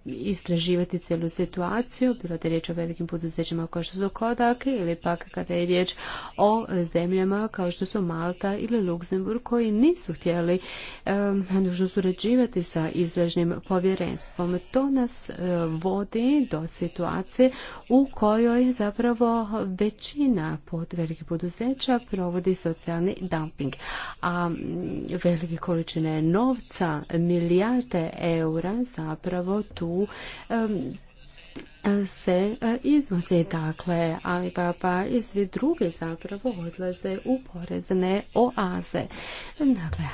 istraživati cijelu situaciju, bilo da je riječ o velikim poduzećima kao što su Kodak ili pak kada je riječ o zemljama kao što su Malta ili Luksemburg koji nisu htjeli nužno surađivati sa izražnim povjerenstvom. To nas e, vodi do situacije u kojoj zapravo većina pod velikih poduzeća provodi socijalni dumping. A velike količine novca, milijarde eura zapravo tu se e, izvoze dakle pa, pa i svi drugi zapravo odlaze u porezne oaze. Dakle,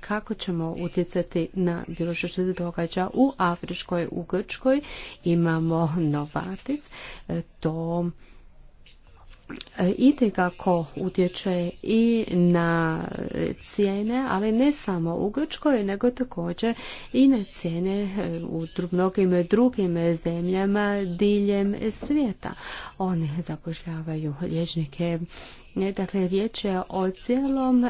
kako ćemo utjecati na bilo što se događa u Afriškoj, u Grčkoj imamo Novatis, e, to E, itekako utječe i na cijene, ali ne samo u Grčkoj, nego također i na cijene e, u mnogim drugim zemljama diljem svijeta. One zapošljavaju liječnike, Dakle, riječ je o cijelom,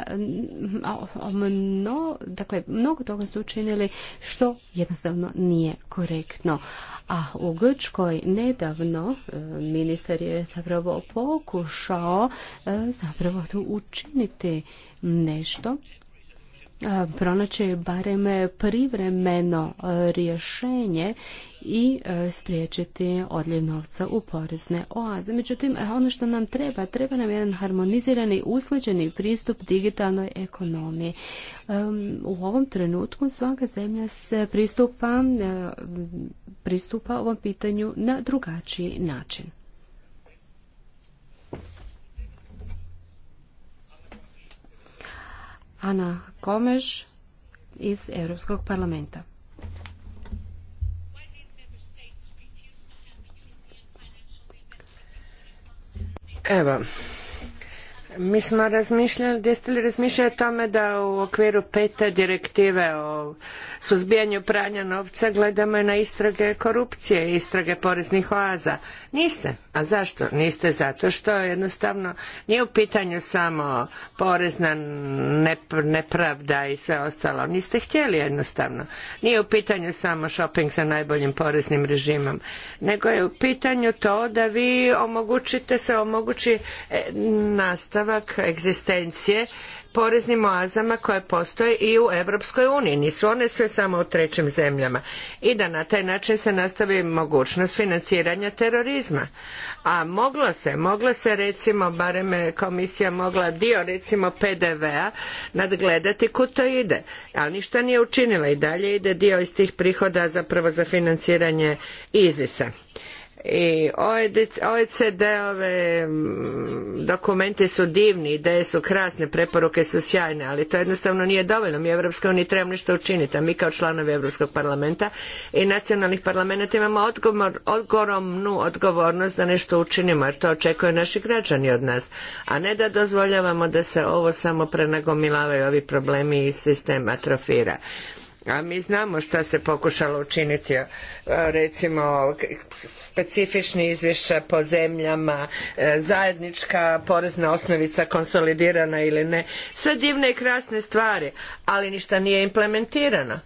o dakle, mnogo toga su učinili što jednostavno nije korektno. A u Grčkoj nedavno e, ministar je zapravo pokušao e, zapravo tu učiniti nešto pronaći barem privremeno rješenje i spriječiti odljev novca u porezne oaze. Međutim, ono što nam treba, treba nam jedan harmonizirani, usklađeni pristup digitalnoj ekonomiji. U ovom trenutku svaka zemlja se pristupa, pristupa ovom pitanju na drugačiji način. Ana Komeš iz Europskog parlamenta. Evo, mi smo razmišljali, jeste li razmišljali o tome da u okviru pete direktive o suzbijanju pranja novca gledamo i na istrage korupcije, istrage poreznih oaza. Niste. A zašto? Niste zato što jednostavno nije u pitanju samo porezna nepravda i sve ostalo. Niste htjeli jednostavno. Nije u pitanju samo shopping sa najboljim poreznim režimom. Nego je u pitanju to da vi omogućite se omogući e, nastavak egzistencije poreznim oazama koje postoje i u Europskoj uniji. Nisu one sve samo u trećim zemljama. I da na taj način se nastavi mogućnost financiranja terorizma. A moglo se, moglo se recimo, barem je komisija mogla dio recimo PDV-a nadgledati kud to ide. Ali ništa nije učinila i dalje ide dio iz tih prihoda zapravo za financiranje ISIS-a i OECD-ove e mm, dokumenti su divni, ideje su krasne, preporuke su sjajne, ali to jednostavno nije dovoljno. Mi u Uniji trebamo nešto učiniti, a mi kao članovi Europskog parlamenta i nacionalnih parlamenta imamo ogromnu odgovornost da nešto učinimo, jer to očekuju naši građani od nas, a ne da dozvoljavamo da se ovo samo prenagomilavaju ovi problemi i sistem atrofira a mi znamo šta se pokušalo učiniti recimo specifični izvješća po zemljama e, zajednička porezna osnovica konsolidirana ili ne sve divne i krasne stvari ali ništa nije implementirano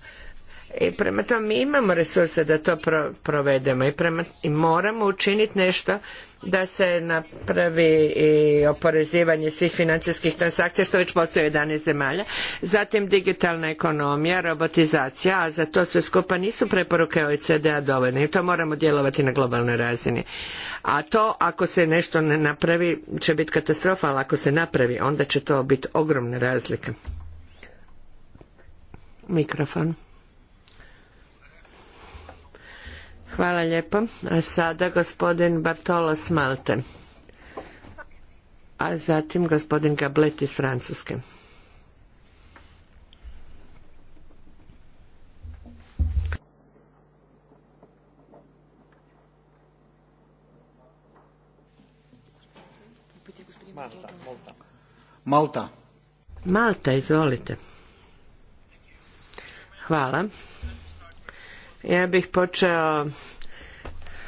i prema tome mi imamo resurse da to provedemo i, prema, i moramo učiniti nešto da se napravi i oporezivanje svih financijskih transakcija što već postoji 11 zemalja. Zatim digitalna ekonomija, robotizacija, a za to sve skupa nisu preporuke OECD-a dovoljne i to moramo djelovati na globalnoj razini. A to ako se nešto ne napravi će biti katastrofa, ali ako se napravi onda će to biti ogromna razlika Mikrofon. Hvala lijepo. A sada gospodin Bartolo Smalte. A zatim gospodin Gablet iz Francuske. Malta, Malta. Malta. Malta, izvolite. Hvala. Ja bih počeo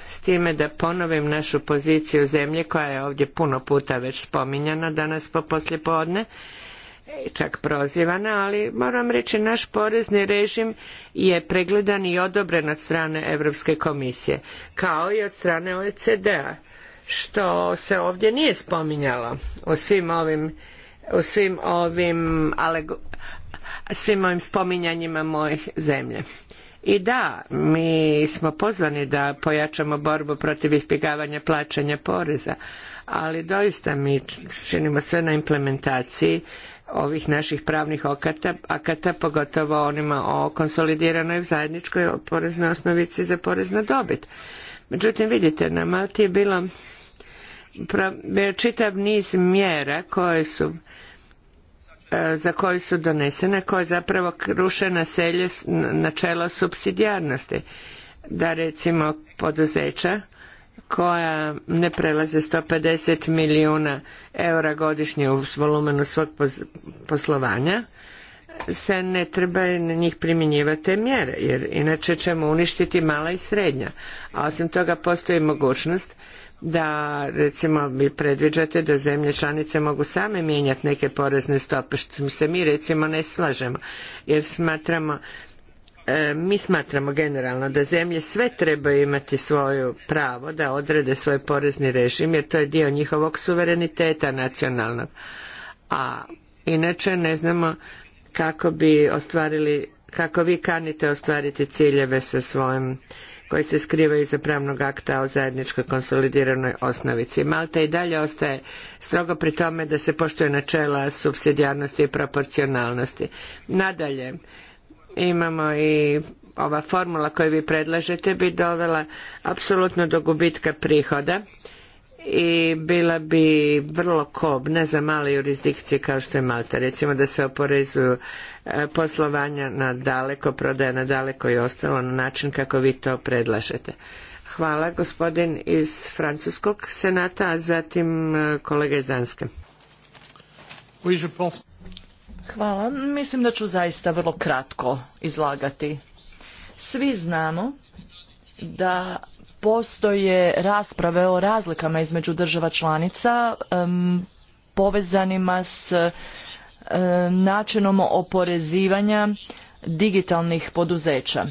s time da ponovim našu poziciju zemlje koja je ovdje puno puta već spominjana danas po i čak prozivana, ali moram reći naš porezni režim je pregledan i odobren od strane Europske komisije, kao i od strane OECD-a, što se ovdje nije spominjalo u svim ovim u svim ovim, svim ovim spominjanjima mojih zemlje. I da, mi smo pozvani da pojačamo borbu protiv izbjegavanja plaćanja poreza, ali doista mi činimo sve na implementaciji ovih naših pravnih okata, akata, pogotovo onima o konsolidiranoj zajedničkoj poreznoj osnovici za porez na dobit. Međutim, vidite, na Malti je bilo čitav niz mjera koje su E, za koju su donesene, koje zapravo ruše na selje načelo subsidijarnosti. Da recimo poduzeća koja ne prelaze 150 milijuna eura godišnje u volumenu svog poslovanja, se ne treba na njih primjenjivati mjere, jer inače ćemo uništiti mala i srednja. A osim toga postoji mogućnost da recimo vi predviđate da zemlje članice mogu same mijenjati neke porezne stope što se mi recimo ne slažemo jer smatramo e, mi smatramo generalno da zemlje sve trebaju imati svoje pravo da odrede svoj porezni režim jer to je dio njihovog suvereniteta nacionalnog. A inače ne znamo kako bi ostvarili, kako vi kanite ostvariti ciljeve sa svojim koji se skrivaju iza pravnog akta o zajedničkoj konsolidiranoj osnovici. Malta i dalje ostaje strogo pri tome da se poštuje načela subsidijarnosti i proporcionalnosti. Nadalje, imamo i ova formula koju vi predlažete bi dovela apsolutno do gubitka prihoda i bila bi vrlo kobna za male jurisdikcije kao što je Malta. Recimo da se oporezuju E, poslovanja na daleko, prodaja na daleko i ostalo na način kako vi to predlažete. Hvala gospodin iz Francuskog senata, a zatim e, kolega iz Danske. Hvala. Mislim da ću zaista vrlo kratko izlagati. Svi znamo da postoje rasprave o razlikama između država članica povezanima s E, načinom oporezivanja digitalnih poduzeća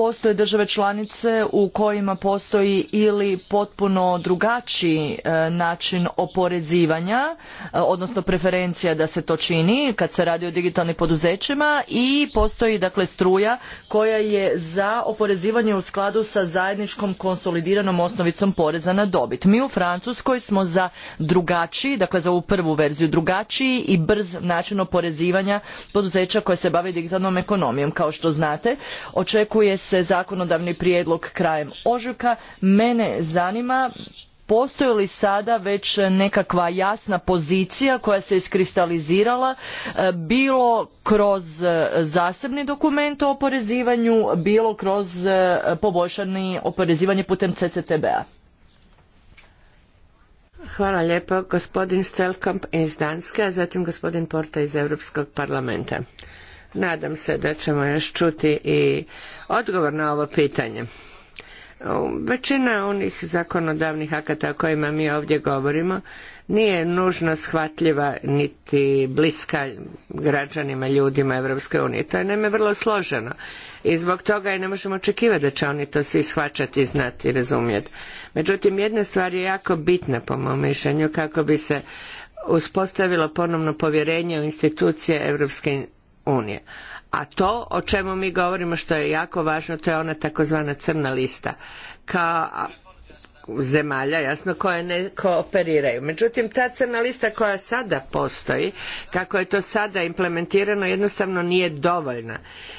postoje države članice u kojima postoji ili potpuno drugačiji e, način oporezivanja, e, odnosno preferencija da se to čini kad se radi o digitalnim poduzećima i postoji dakle struja koja je za oporezivanje u skladu sa zajedničkom konsolidiranom osnovicom poreza na dobit. Mi u Francuskoj smo za drugačiji, dakle za ovu prvu verziju, drugačiji i brz način oporezivanja poduzeća koje se bave digitalnom ekonomijom. Kao što znate, očekuje se zakonodavni prijedlog krajem ožujka. Mene zanima postoji li sada već nekakva jasna pozicija koja se iskristalizirala e, bilo kroz zasebni dokument o oporezivanju, bilo kroz e, poboljšani oporezivanje putem CCTB-a? Hvala lijepo. Gospodin Stelkamp iz Danske, a zatim gospodin Porta iz Europskog parlamenta. Nadam se da ćemo još čuti i odgovor na ovo pitanje. Većina onih zakonodavnih akata o kojima mi ovdje govorimo nije nužno shvatljiva niti bliska građanima, ljudima Europske unije. To je naime vrlo složeno i zbog toga i ne možemo očekivati da će oni to svi shvaćati, znati i razumjeti. Međutim, jedna stvar je jako bitna po mom mišljenju kako bi se uspostavilo ponovno povjerenje u institucije Europske unije. A to o čemu mi govorimo što je jako važno to je ona takozvana crna lista kao zemalja jasno koje ne kooperiraju. Međutim, ta crna lista koja sada postoji, kako je to sada implementirano, jednostavno nije dovoljna.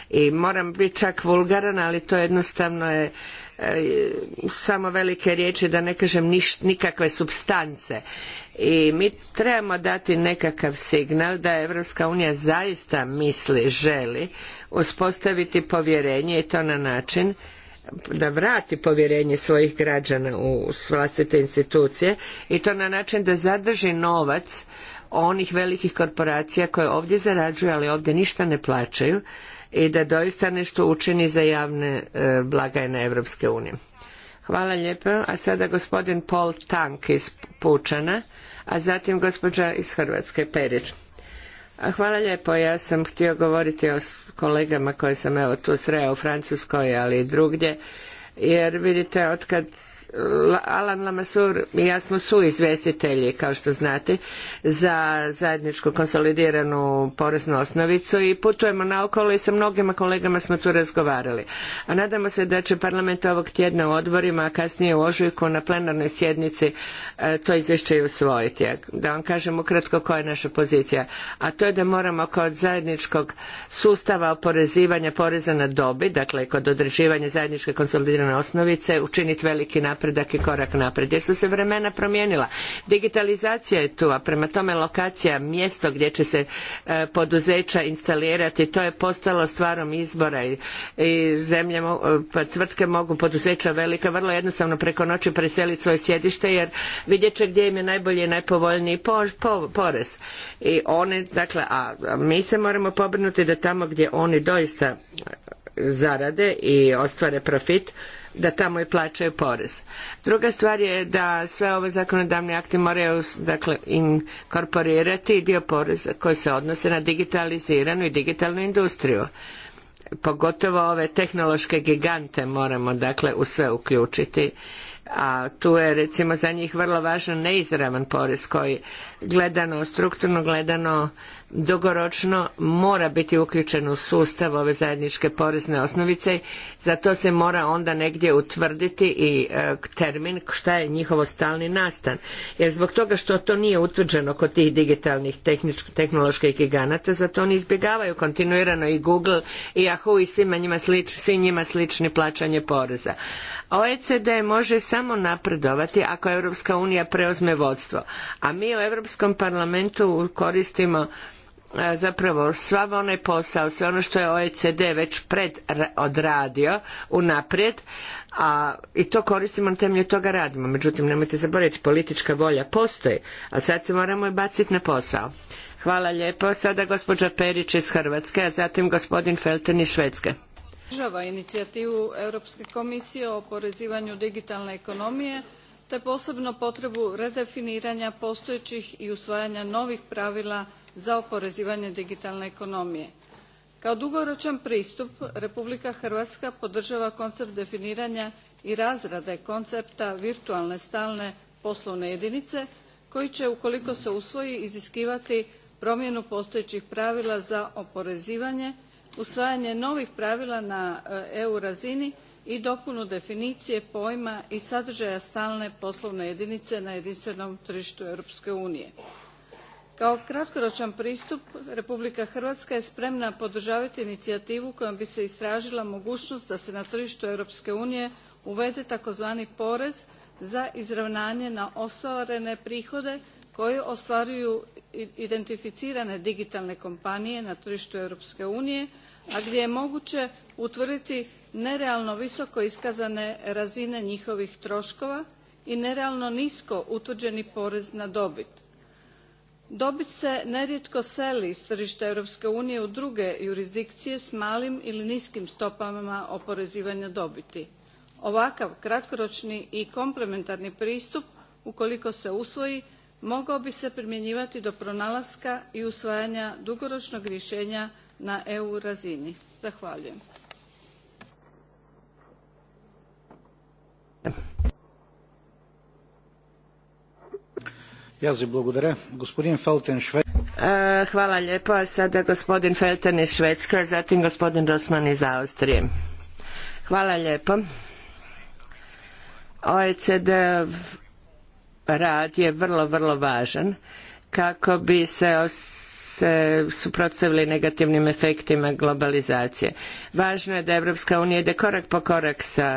I moram biti čak vulgaran, ali to jednostavno je e, samo velike riječi da ne kažem nikakve substance i mi trebamo dati nekakav signal da Evropska unija zaista misli, želi uspostaviti povjerenje i to na način da vrati povjerenje svojih građana u vlastite institucije i to na način da zadrži novac onih velikih korporacija koje ovdje zarađuju ali ovdje ništa ne plaćaju i da doista nešto učini za javne e, blagajne Evropske unije. Hvala lijepo, A sada gospodin Paul Tank iz Pučana, a zatim gospođa iz Hrvatske, Perić. hvala lijepo. Ja sam htio govoriti o kolegama koje sam evo tu sreo u Francuskoj, ali i drugdje. Jer vidite, otkad Alan Lamassur i ja smo suizvjestitelji kao što znate, za zajedničku konsolidiranu poreznu osnovicu i putujemo naokolo i sa mnogima kolegama smo tu razgovarali. A nadamo se da će parlament ovog tjedna u odborima, a kasnije u ožujku na plenarnoj sjednici e, to izvješće i usvojiti. Da vam kažem ukratko koja je naša pozicija. A to je da moramo kod zajedničkog sustava oporezivanja poreza na dobi, dakle kod određivanja zajedničke konsolidirane osnovice, učiniti veliki napad napredak i korak naprijed jer su se vremena promijenila. Digitalizacija je tu, a prema tome lokacija, mjesto gdje će se e, poduzeća instalirati, to je postalo stvarom izbora i, e, pa tvrtke mogu, poduzeća velika, vrlo jednostavno preko noći preseliti svoje sjedište jer vidjet će gdje im je najbolji i najpovoljniji porez. I oni, dakle, a mi se moramo pobrinuti da tamo gdje oni doista zarade i ostvare profit, da tamo i plaćaju porez. Druga stvar je da sve ove zakonodavne akte moraju dakle, inkorporirati dio poreza koji se odnose na digitaliziranu i digitalnu industriju. Pogotovo ove tehnološke gigante moramo dakle u sve uključiti a tu je recimo za njih vrlo važan neizravan porez koji gledano, strukturno gledano dugoročno mora biti uključen u sustav ove zajedničke porezne osnovice za to se mora onda negdje utvrditi i e, termin šta je njihov stalni nastan jer zbog toga što to nije utvrđeno kod tih digitalnih tehnoloških giganata zato oni izbjegavaju kontinuirano i Google i Yahoo i svima njima svi njima slični plaćanje poreza OECD može samo napredovati ako Europska unija preuzme vodstvo a mi u Europskom parlamentu koristimo E, zapravo sva onaj posao, sve ono što je OECD već pred odradio unaprijed, a i to koristimo na temelju toga radimo. Međutim, nemojte zaboraviti, politička volja postoji, ali sad se moramo i baciti na posao. Hvala lijepo. Sada gospođa Perić iz Hrvatske, a zatim gospodin Felten iz Švedske. Država inicijativu Europske komisije o oporezivanju digitalne ekonomije te posebno potrebu redefiniranja postojećih i usvajanja novih pravila za oporezivanje digitalne ekonomije. Kao dugoročan pristup Republika Hrvatska podržava koncept definiranja i razrade koncepta virtualne stalne poslovne jedinice koji će ukoliko se usvoji iziskivati promjenu postojećih pravila za oporezivanje, usvajanje novih pravila na e, EU razini i dopunu definicije pojma i sadržaja stalne poslovne jedinice na jedinstvenom tržištu Europske unije kao kratkoročan pristup republika hrvatska je spremna podržavati inicijativu kojom bi se istražila mogućnost da se na tržištu europske unije uvede takozvani porez za izravnanje na ostvarene prihode koje ostvaruju identificirane digitalne kompanije na tržištu europske unije a gdje je moguće utvrditi nerealno visoko iskazane razine njihovih troškova i nerealno nisko utvrđeni porez na dobit dobit se nerijetko seli s tržišta europske unije u druge jurisdikcije s malim ili niskim stopama oporezivanja dobiti. ovakav kratkoročni i komplementarni pristup ukoliko se usvoji mogao bi se primjenjivati do pronalaska i usvajanja dugoročnog rješenja na eu razini. zahvaljujem. Hvala lijepo. A sada gospodin Felten iz Švedske, zatim gospodin Rosman iz Austrije. Hvala lijepo. OECD rad je vrlo, vrlo važan kako bi se se suprotstavili negativnim efektima globalizacije. Važno je da Europska unija ide korak po korak sa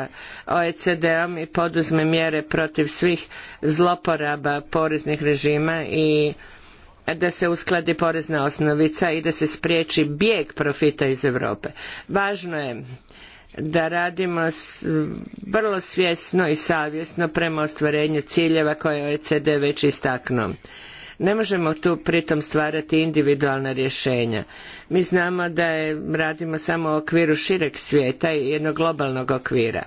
OECD-om i poduzme mjere protiv svih zloporaba poreznih režima i da se uskladi porezna osnovica i da se spriječi bijeg profita iz Europe. Važno je da radimo vrlo svjesno i savjesno prema ostvarenju ciljeva koje je OECD već istaknuo. Ne možemo tu pritom stvarati individualna rješenja. Mi znamo da je, radimo samo u okviru šireg svijeta i jednog globalnog okvira.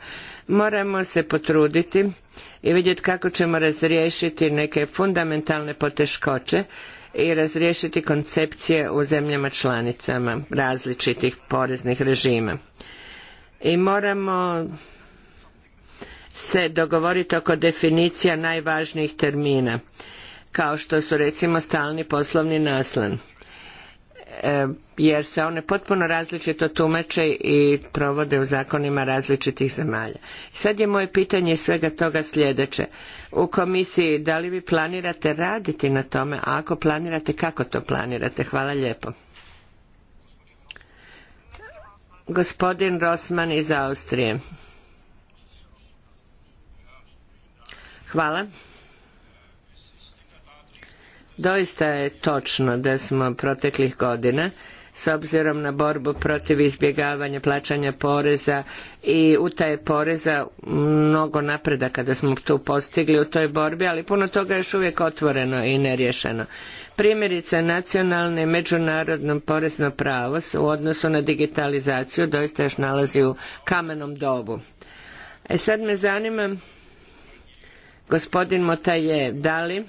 Moramo se potruditi i vidjeti kako ćemo razriješiti neke fundamentalne poteškoće i razriješiti koncepcije u zemljama članicama različitih poreznih režima. I moramo se dogovoriti oko definicija najvažnijih termina kao što su recimo stalni poslovni naslan e, jer se one potpuno različito tumače i provode u zakonima različitih zemalja. Sad je moje pitanje svega toga sljedeće. U komisiji da li vi planirate raditi na tome, a ako planirate kako to planirate? Hvala lijepo. Gospodin Rosman iz Austrije. Hvala. Doista je točno da smo proteklih godina s obzirom na borbu protiv izbjegavanja plaćanja poreza i utaje poreza mnogo napreda kada smo tu postigli u toj borbi, ali puno toga je još uvijek otvoreno i nerješeno. Primjerice, nacionalne i međunarodno porezno pravo u odnosu na digitalizaciju doista još nalazi u kamenom dobu. E sad me zanima, gospodin Motaje, da li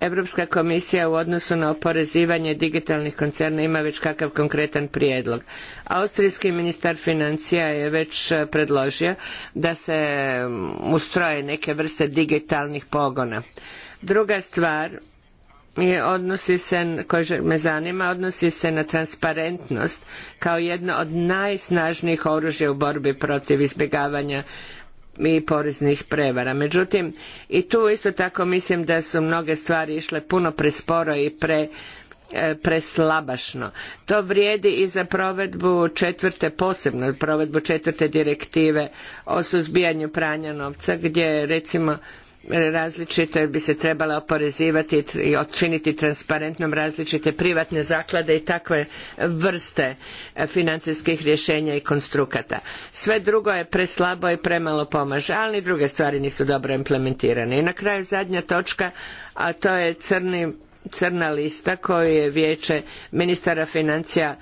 Europska komisija u odnosu na oporezivanje digitalnih koncerna ima već kakav konkretan prijedlog. Austrijski ministar financija je već e, predložio da se ustroje neke vrste digitalnih pogona. Druga stvar je, odnosi se, koja me zanima, odnosi se na transparentnost kao jedno od najsnažnijih oružja u borbi protiv izbjegavanja i poreznih prevara. Međutim, i tu isto tako mislim da su mnoge stvari išle puno presporo i pre e, preslabašno. To vrijedi i za provedbu četvrte, posebno provedbu četvrte direktive o suzbijanju pranja novca, gdje recimo različite bi se trebala oporezivati i učiniti transparentnom različite privatne zaklade i takve vrste financijskih rješenja i konstrukata. Sve drugo je preslabo i premalo pomaže, ali druge stvari nisu dobro implementirane. I na kraju zadnja točka, a to je crna lista koju je vijeće ministara financija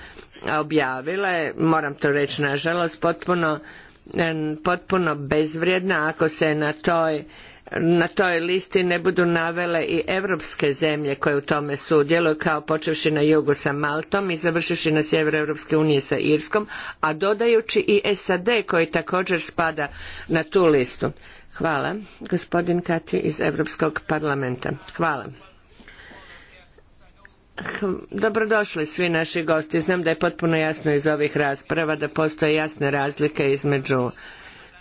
objavila, moram to reći nažalost, potpuno, potpuno bezvrijedna ako se na toj na toj listi ne budu navele i europske zemlje koje u tome sudjeluju kao počevši na jugu sa Maltom i završivši na sjeveru Europske unije sa Irskom, a dodajući i SAD koji također spada na tu listu. Hvala. Gospodin Kati iz Europskog parlamenta. Hvala. Hm, dobrodošli svi naši gosti. Znam da je potpuno jasno iz ovih rasprava da postoje jasne razlike između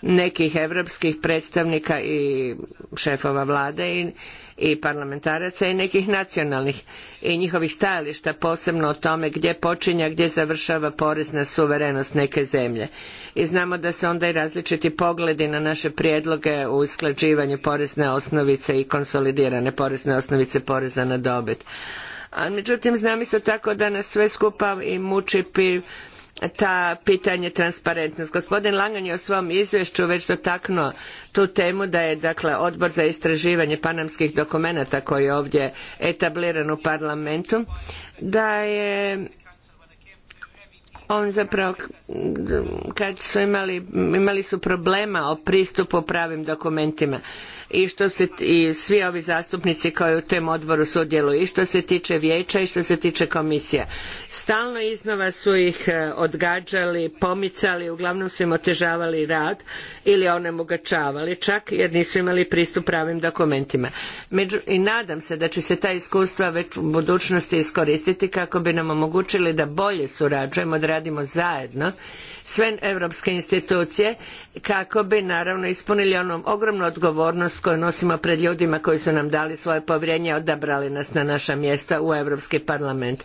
nekih europskih predstavnika i šefova vlade i, parlamentaraca i nekih nacionalnih i njihovih stajališta posebno o tome gdje počinja, gdje završava porezna suverenost neke zemlje. I znamo da se onda i različiti pogledi na naše prijedloge u usklađivanju porezne osnovice i konsolidirane porezne osnovice poreza na dobit. međutim znam isto tako da nas sve skupa i muči ta pitanje transparentnost. Gospodin Langan je u svom izvješću već dotaknuo tu temu da je dakle odbor za istraživanje panamskih dokumenata koji je ovdje etabliran u parlamentu da je on zapravo kad su imali, imali su problema o pristupu pravim dokumentima i što se i svi ovi zastupnici koji u tem odboru sudjeluju i što se tiče vijeća i što se tiče komisije. Stalno iznova su ih e, odgađali, pomicali, uglavnom su im otežavali rad ili onemogućavali čak jer nisu imali pristup pravim dokumentima. I nadam se da će se ta iskustva već u budućnosti iskoristiti kako bi nam omogućili da bolje surađujemo, da radimo zajedno sve europske institucije kako bi naravno ispunili onu ogromnu odgovornost koju nosimo pred ljudima koji su nam dali svoje povjerenje i odabrali nas na naša mjesta u Europski parlament.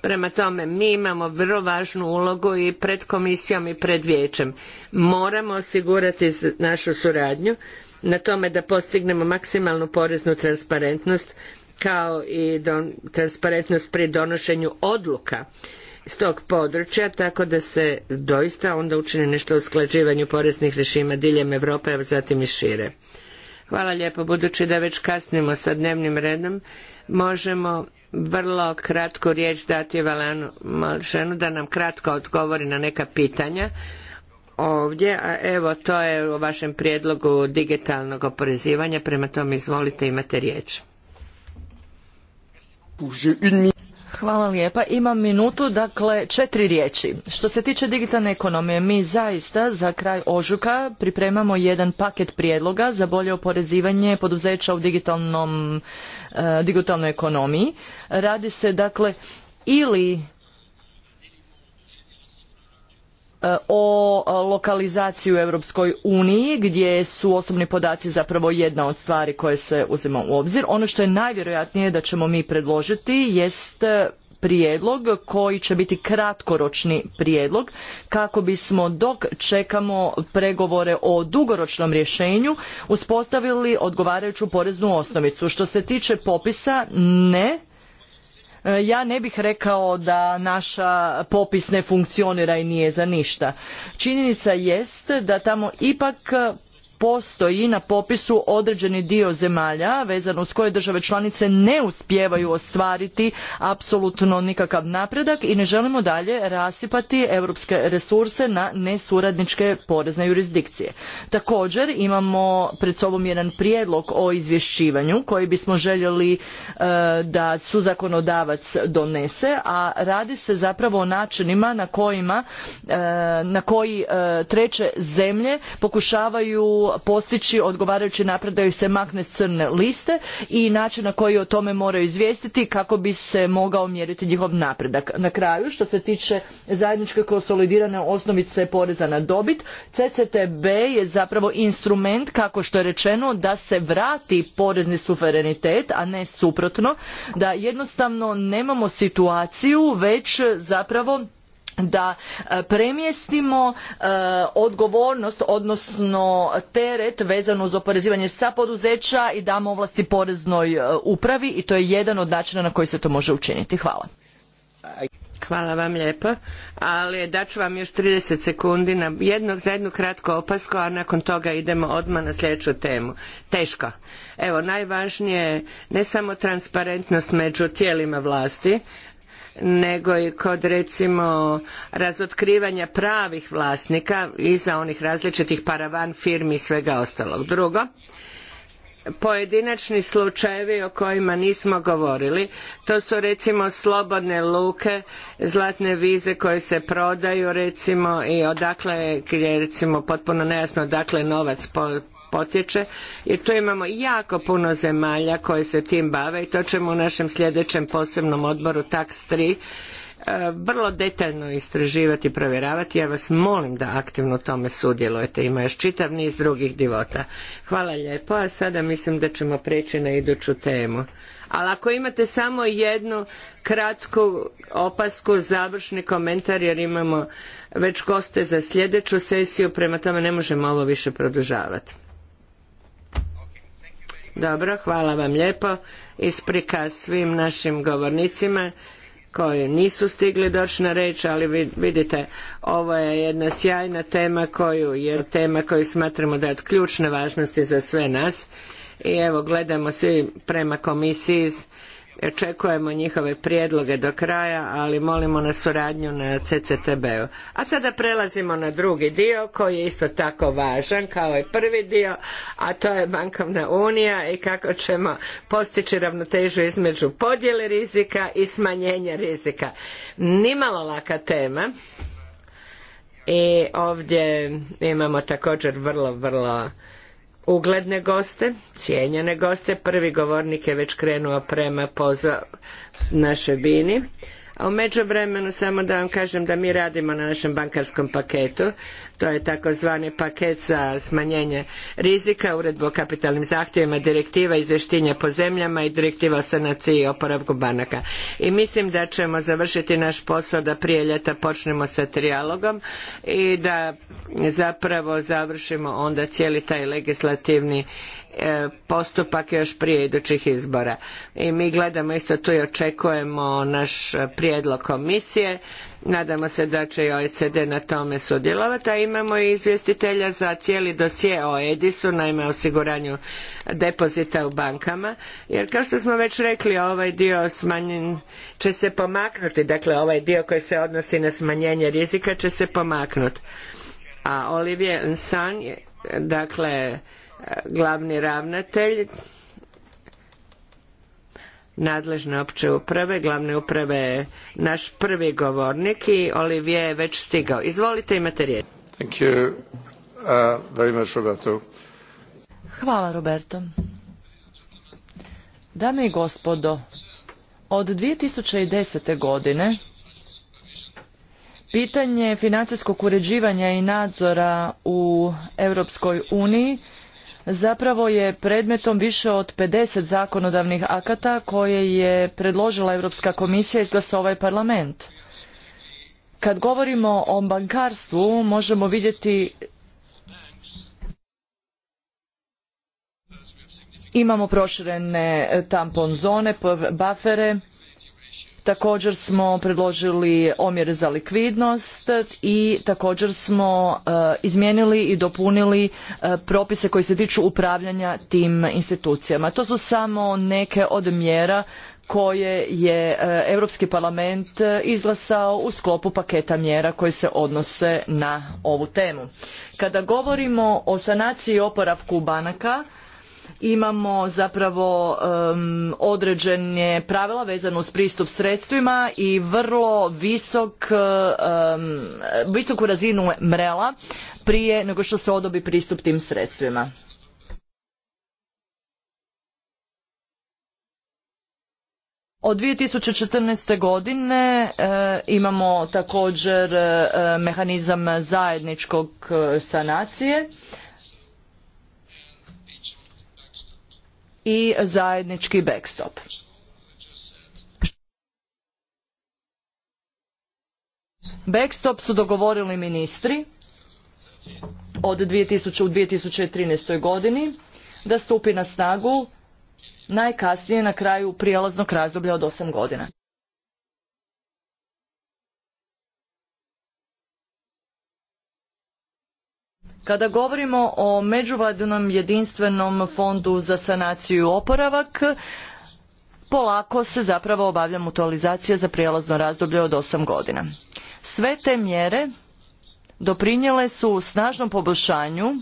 Prema tome, mi imamo vrlo važnu ulogu i pred komisijom i pred vijećem. Moramo osigurati našu suradnju na tome da postignemo maksimalnu poreznu transparentnost kao i transparentnost pri donošenju odluka s tog područja, tako da se doista onda učini nešto o usklađivanju poreznih rešima diljem Europe, a zatim i šire. Hvala lijepo, budući da već kasnimo sa dnevnim redom, možemo vrlo kratko riječ dati Valenu Malšenu da nam kratko odgovori na neka pitanja ovdje, a evo to je u vašem prijedlogu digitalnog oporezivanja, prema tome izvolite imate riječ. Hvala lijepa. Imam minutu, dakle četiri riječi. Što se tiče digitalne ekonomije, mi zaista za kraj ožuka pripremamo jedan paket prijedloga za bolje oporezivanje poduzeća u digitalnom, e, digitalnoj ekonomiji. Radi se dakle ili E, o lokalizaciji u Europskoj uniji gdje su osobni podaci zapravo jedna od stvari koje se uzima u obzir. Ono što je najvjerojatnije da ćemo mi predložiti jest prijedlog koji će biti kratkoročni prijedlog kako bismo dok čekamo pregovore o dugoročnom rješenju uspostavili odgovarajuću poreznu osnovicu. Što se tiče popisa, ne, E, ja ne bih rekao da naša popis ne funkcionira i nije za ništa. Činjenica jest da tamo ipak postoji na popisu određeni dio zemalja vezano uz koje države članice ne uspijevaju ostvariti apsolutno nikakav napredak i ne želimo dalje rasipati europske resurse na nesuradničke porezne jurisdikcije. Također imamo pred sobom jedan prijedlog o izvješćivanju koji bismo željeli e, da su zakonodavac donese, a radi se zapravo o načinima na kojima e, na koji e, treće zemlje pokušavaju postići odgovarajući ih se makne s crne liste i način na koji o tome moraju izvijestiti kako bi se mogao mjeriti njihov napredak. Na kraju, što se tiče zajedničke konsolidirane osnovice poreza na dobit, CCTB je zapravo instrument kako što je rečeno da se vrati porezni suverenitet, a ne suprotno, da jednostavno nemamo situaciju već zapravo da e, premjestimo e, odgovornost odnosno teret vezano uz oporezivanje sa poduzeća i damo ovlasti poreznoj e, upravi i to je jedan od načina na koji se to može učiniti. Hvala. Hvala vam lijepo, ali daću vam još 30 sekundi na jedno, za jednu kratku opasku, a nakon toga idemo odmah na sljedeću temu. Teško. Evo, najvažnije je ne samo transparentnost među tijelima vlasti, nego i kod recimo razotkrivanja pravih vlasnika iza onih različitih paravan firmi i svega ostalog. Drugo, pojedinačni slučajevi o kojima nismo govorili to su recimo slobodne luke zlatne vize koje se prodaju recimo i odakle je recimo potpuno nejasno odakle novac po, potječe jer tu imamo jako puno zemalja koje se tim bave i to ćemo u našem sljedećem posebnom odboru tax 3 e, vrlo detaljno istraživati i provjeravati. Ja vas molim da aktivno u tome sudjelujete. Ima još čitav niz drugih divota. Hvala lijepo, a sada mislim da ćemo preći na iduću temu. Ali ako imate samo jednu kratku opasku, završni komentar, jer imamo već goste za sljedeću sesiju, prema tome ne možemo ovo više produžavati. Dobro, hvala vam lijepo. Isprika svim našim govornicima koji nisu stigli doći na reč, ali vidite, ovo je jedna sjajna tema koju je tema koju smatramo da je od ključne važnosti za sve nas. I evo, gledamo svi prema komisiji očekujemo njihove prijedloge do kraja, ali molimo na suradnju na CCTB-u. A sada prelazimo na drugi dio koji je isto tako važan kao i prvi dio, a to je bankovna unija i kako ćemo postići ravnotežu između podjele rizika i smanjenja rizika. Nimalo laka tema. I ovdje imamo također vrlo, vrlo ugledne goste, cijenjene goste. Prvi govornik je već krenuo prema poza naše bini. A u međuvremenu samo da vam kažem da mi radimo na našem bankarskom paketu to je takozvani paket za smanjenje rizika, uredba o kapitalnim zahtjevima, direktiva izvještinja po zemljama i direktiva o sanaciji i oporavku banaka. I mislim da ćemo završiti naš posao da prije ljeta počnemo sa trijalogom i da zapravo završimo onda cijeli taj legislativni E, postupak još prije idućih izbora. I mi gledamo isto tu i očekujemo naš prijedlog komisije. Nadamo se da će i OECD na tome sudjelovati, a imamo i izvjestitelja za cijeli dosje o Edisu, naime osiguranju depozita u bankama, jer kao što smo već rekli, ovaj dio smanjen će se pomaknuti, dakle ovaj dio koji se odnosi na smanjenje rizika će se pomaknuti. A Olivier Nsan, dakle, glavni ravnatelj nadležne opće uprave, glavne uprave je naš prvi govornik i Olivije je već stigao. Izvolite, imate riječ. Uh, Hvala Roberto. Dame i gospodo, od 2010. godine pitanje financijskog uređivanja i nadzora u Europskoj uniji zapravo je predmetom više od 50 zakonodavnih akata koje je predložila Europska komisija i ovaj parlament. Kad govorimo o bankarstvu možemo vidjeti imamo proširene tampon zone, buffere Također smo predložili omjere za likvidnost i također smo e, izmijenili i dopunili e, propise koji se tiču upravljanja tim institucijama. To su samo neke od mjera koje je e, Europski parlament izglasao u sklopu paketa mjera koje se odnose na ovu temu. Kada govorimo o sanaciji i oporavku banaka, imamo zapravo određene pravila vezano uz pristup sredstvima i vrlo visok, visoku razinu mrela prije nego što se odobi pristup tim sredstvima. Od 2014. godine e, imamo također e, mehanizam zajedničkog e, sanacije i zajednički backstop. Backstop su dogovorili ministri od 2000 u 2013. godini da stupi na snagu najkasnije na kraju prijelaznog razdoblja od 8 godina. Kada govorimo o međuvladinom jedinstvenom fondu za sanaciju i oporavak, polako se zapravo obavlja mutualizacija za prijelazno razdoblje od 8 godina. Sve te mjere doprinjele su snažnom poboljšanju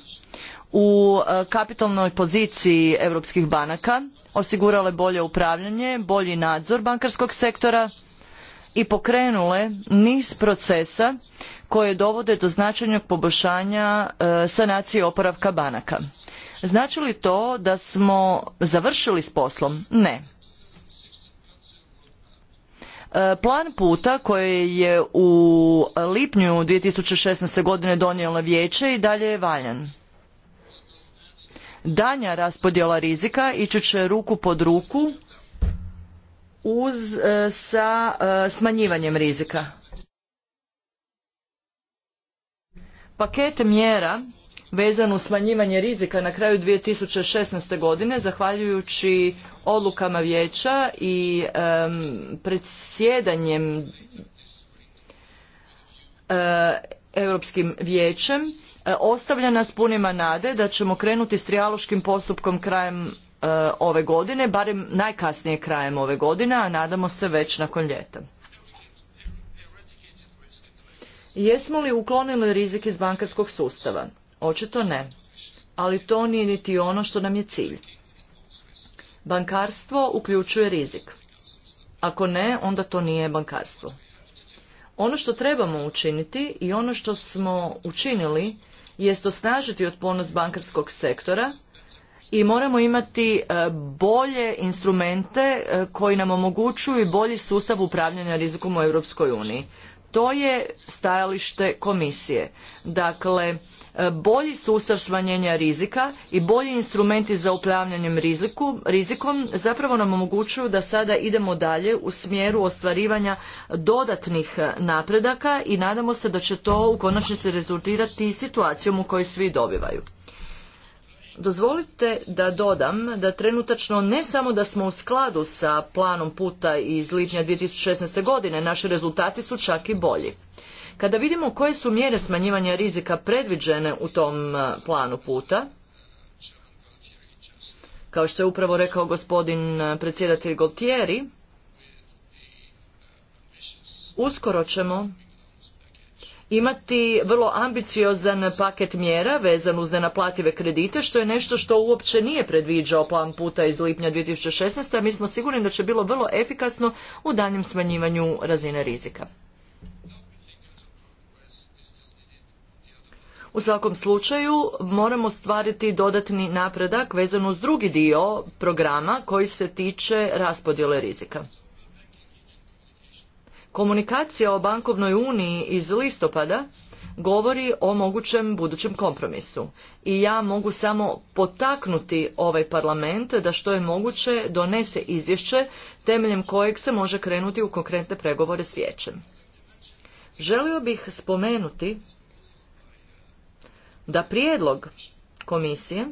u e, kapitalnoj poziciji europskih banaka, osigurale bolje upravljanje, bolji nadzor bankarskog sektora i pokrenule niz procesa koje dovode do značajnog poboljšanja e, sanacije oporavka banaka. Znači li to da smo završili s poslom? Ne. E, plan puta koji je u lipnju 2016. godine donijelo vijeće i dalje je valjan. Danja raspodjela rizika ići će ruku pod ruku uz e, sa e, smanjivanjem rizika. Paket mjera vezan uz smanjivanje rizika na kraju 2016. godine zahvaljujući odlukama vijeća i predsjedanjem e, Europskim vijećem ostavlja nas punima nade da ćemo krenuti s trijaloškim postupkom krajem E, ove godine, barem najkasnije krajem ove godine, a nadamo se već nakon ljeta. Jesmo li uklonili rizik iz bankarskog sustava? Očito ne, ali to nije niti ono što nam je cilj. Bankarstvo uključuje rizik. Ako ne, onda to nije bankarstvo. Ono što trebamo učiniti i ono što smo učinili jest osnažiti otpornost bankarskog sektora i moramo imati e, bolje instrumente e, koji nam omogućuju i bolji sustav upravljanja rizikom u Europskoj uniji. To je stajalište komisije. Dakle, e, bolji sustav smanjenja rizika i bolji instrumenti za upravljanje rizikom zapravo nam omogućuju da sada idemo dalje u smjeru ostvarivanja dodatnih napredaka i nadamo se da će to u konačnici rezultirati situacijom u kojoj svi dobivaju. Dozvolite da dodam da trenutačno ne samo da smo u skladu sa planom puta iz lipnja 2016. godine, naši rezultati su čak i bolji. Kada vidimo koje su mjere smanjivanja rizika predviđene u tom e, planu puta, kao što je upravo rekao gospodin e, predsjedatelj Gautieri uskoro ćemo imati vrlo ambiciozan paket mjera vezan uz nenaplative kredite, što je nešto što uopće nije predviđao plan puta iz lipnja 2016. a mi smo sigurni da će bilo vrlo efikasno u daljnjem smanjivanju razine rizika. U svakom slučaju moramo stvariti dodatni napredak vezano uz drugi dio programa koji se tiče raspodjele rizika. Komunikacija o bankovnoj uniji iz listopada govori o mogućem budućem kompromisu. I ja mogu samo potaknuti ovaj parlament da što je moguće donese izvješće temeljem kojeg se može krenuti u konkretne pregovore s vijećem. Želio bih spomenuti da prijedlog komisije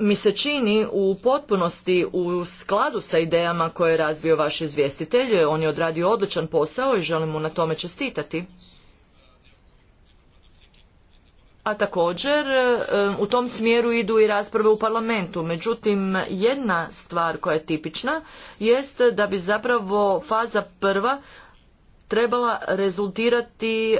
mi se čini u potpunosti u skladu sa idejama koje je razvio vaš izvjestitelj. On je odradio odličan posao i želim mu na tome čestitati. A također u tom smjeru idu i rasprave u parlamentu. Međutim, jedna stvar koja je tipična jest da bi zapravo faza prva trebala rezultirati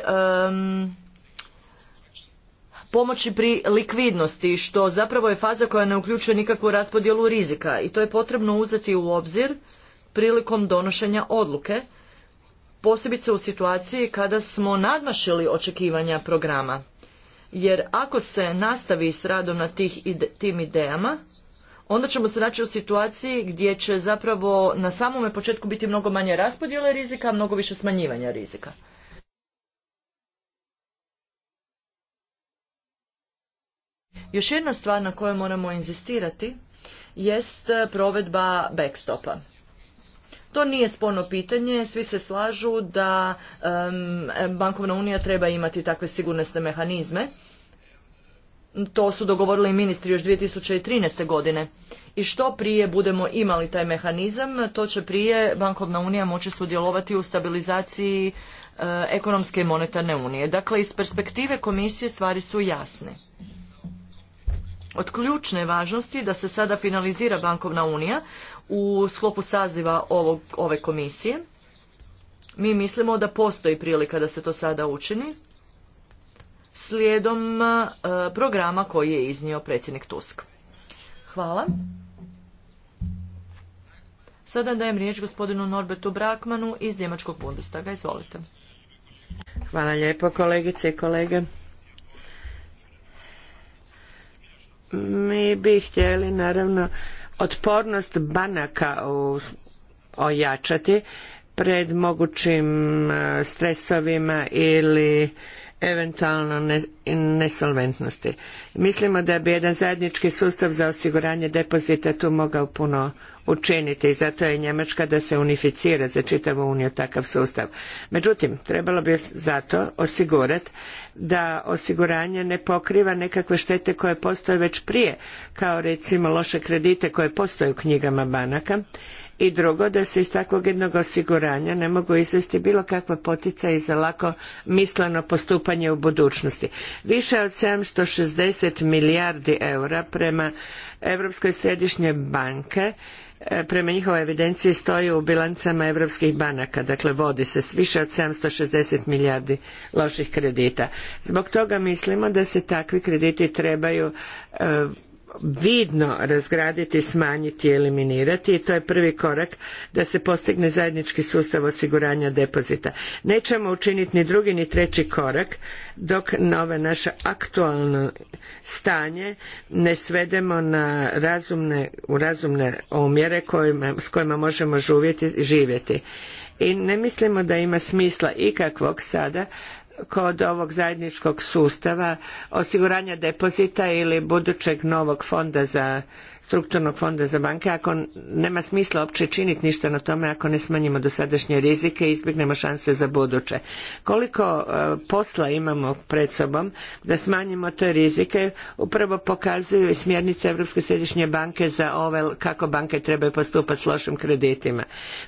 pomoći pri likvidnosti, što zapravo je faza koja ne uključuje nikakvu raspodjelu rizika i to je potrebno uzeti u obzir prilikom donošenja odluke, posebice u situaciji kada smo nadmašili očekivanja programa. Jer ako se nastavi s radom na tih ide, tim idejama, onda ćemo se naći u situaciji gdje će zapravo na samome početku biti mnogo manje raspodjele rizika, a mnogo više smanjivanja rizika. Još jedna stvar na kojoj moramo inzistirati jest e, provedba backstopa. To nije sporno pitanje, svi se slažu da bankovna unija treba imati takve sigurnosne mehanizme. To su dogovorili ministri još 2013. godine. I što prije budemo imali taj mehanizam, to će prije bankovna unija moći sudjelovati u stabilizaciji e, ekonomske i monetarne unije. Dakle, iz perspektive komisije stvari su jasne od ključne važnosti da se sada finalizira bankovna unija u sklopu saziva ovog, ove komisije. Mi mislimo da postoji prilika da se to sada učini slijedom e, programa koji je iznio predsjednik Tusk. Hvala. Sada dajem riječ gospodinu Norbertu Brakmanu iz Njemačkog Bundestaga. Izvolite. Hvala lijepo kolegice i kolege. Mi bi htjeli naravno otpornost banaka ojačati pred mogućim e, stresovima ili eventualno nesolventnosti. Mislimo da bi jedan zajednički sustav za osiguranje depozita tu mogao puno učiniti i zato je Njemačka da se unificira za čitavu uniju takav sustav. Međutim, trebalo bi zato osigurati da osiguranje ne pokriva nekakve štete koje postoje već prije, kao recimo loše kredite koje postoje u knjigama banaka i drugo da se iz takvog jednog osiguranja ne mogu izvesti bilo kakva poticaja za lako misleno postupanje u budućnosti. Više od 760 milijardi eura prema Europskoj središnjoj banke e, prema njihovoj evidenciji stoji u bilancama europskih banaka, dakle vodi se s više od 760 milijardi loših kredita. Zbog toga mislimo da se takvi krediti trebaju e, vidno razgraditi, smanjiti i eliminirati i to je prvi korak da se postigne zajednički sustav osiguranja depozita. Nećemo učiniti ni drugi ni treći korak dok nove ove naše aktualno stanje ne svedemo na razumne, u razumne omjere s kojima možemo živjeti i ne mislimo da ima smisla ikakvog sada kod ovog zajedničkog sustava osiguranja depozita ili budućeg novog fonda za strukturnog fonda za banke ako nema smisla uopće činiti ništa na tome ako ne smanjimo dosadašnje rizike i izbjegnemo šanse za buduće. Koliko e, posla imamo pred sobom da smanjimo te rizike upravo pokazuju i smjernice Europske središnje banke za ove kako banke trebaju postupati s lošim kreditima.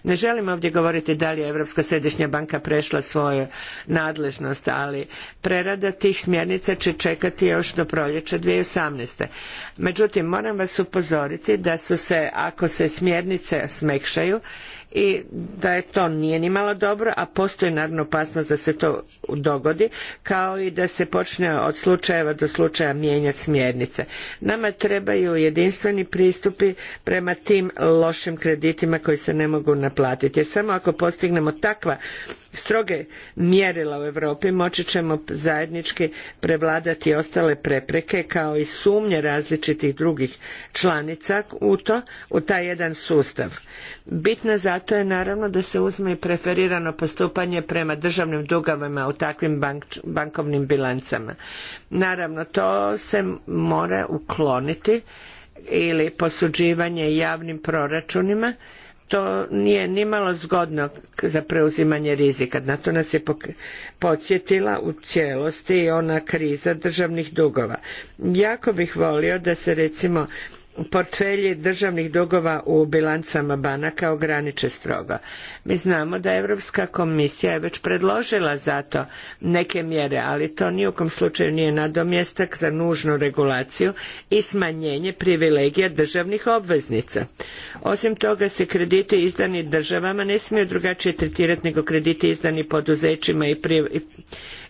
Ne želim ovdje govoriti da li je Europska središnja banka prešla svoju nadležnost, ali prerada tih smjernica će čekati još do proljeća 2018. Međutim, moram vas upozoriti upozoriti da su se, ako se smjernice smekšaju i da je to nije ni malo dobro, a postoji naravno opasnost da se to dogodi, kao i da se počne od slučajeva do slučaja mijenjati smjernice. Nama trebaju jedinstveni pristupi prema tim lošim kreditima koji se ne mogu naplatiti. Jer samo ako postignemo takva stroge mjerila u Europi moći ćemo zajednički prevladati ostale prepreke kao i sumnje različitih drugih članica u to, u taj jedan sustav. Bitna zato to je naravno da se uzme i preferirano postupanje prema državnim dugovima u takvim bankovnim bilancama. Naravno, to se mora ukloniti ili posuđivanje javnim proračunima, to nije nimalo zgodno za preuzimanje rizika. Na to nas je podsjetila u cijelosti i ona kriza državnih dugova. Jako bih volio da se recimo portfelji državnih dugova u bilancama banaka ograniče strogo. Mi znamo da Europska komisija je već predložila za to neke mjere, ali to nijukom slučaju nije nadomjestak za nužnu regulaciju i smanjenje privilegija državnih obveznica. Osim toga se krediti izdani državama ne smiju drugačije tretirati nego krediti izdani poduzećima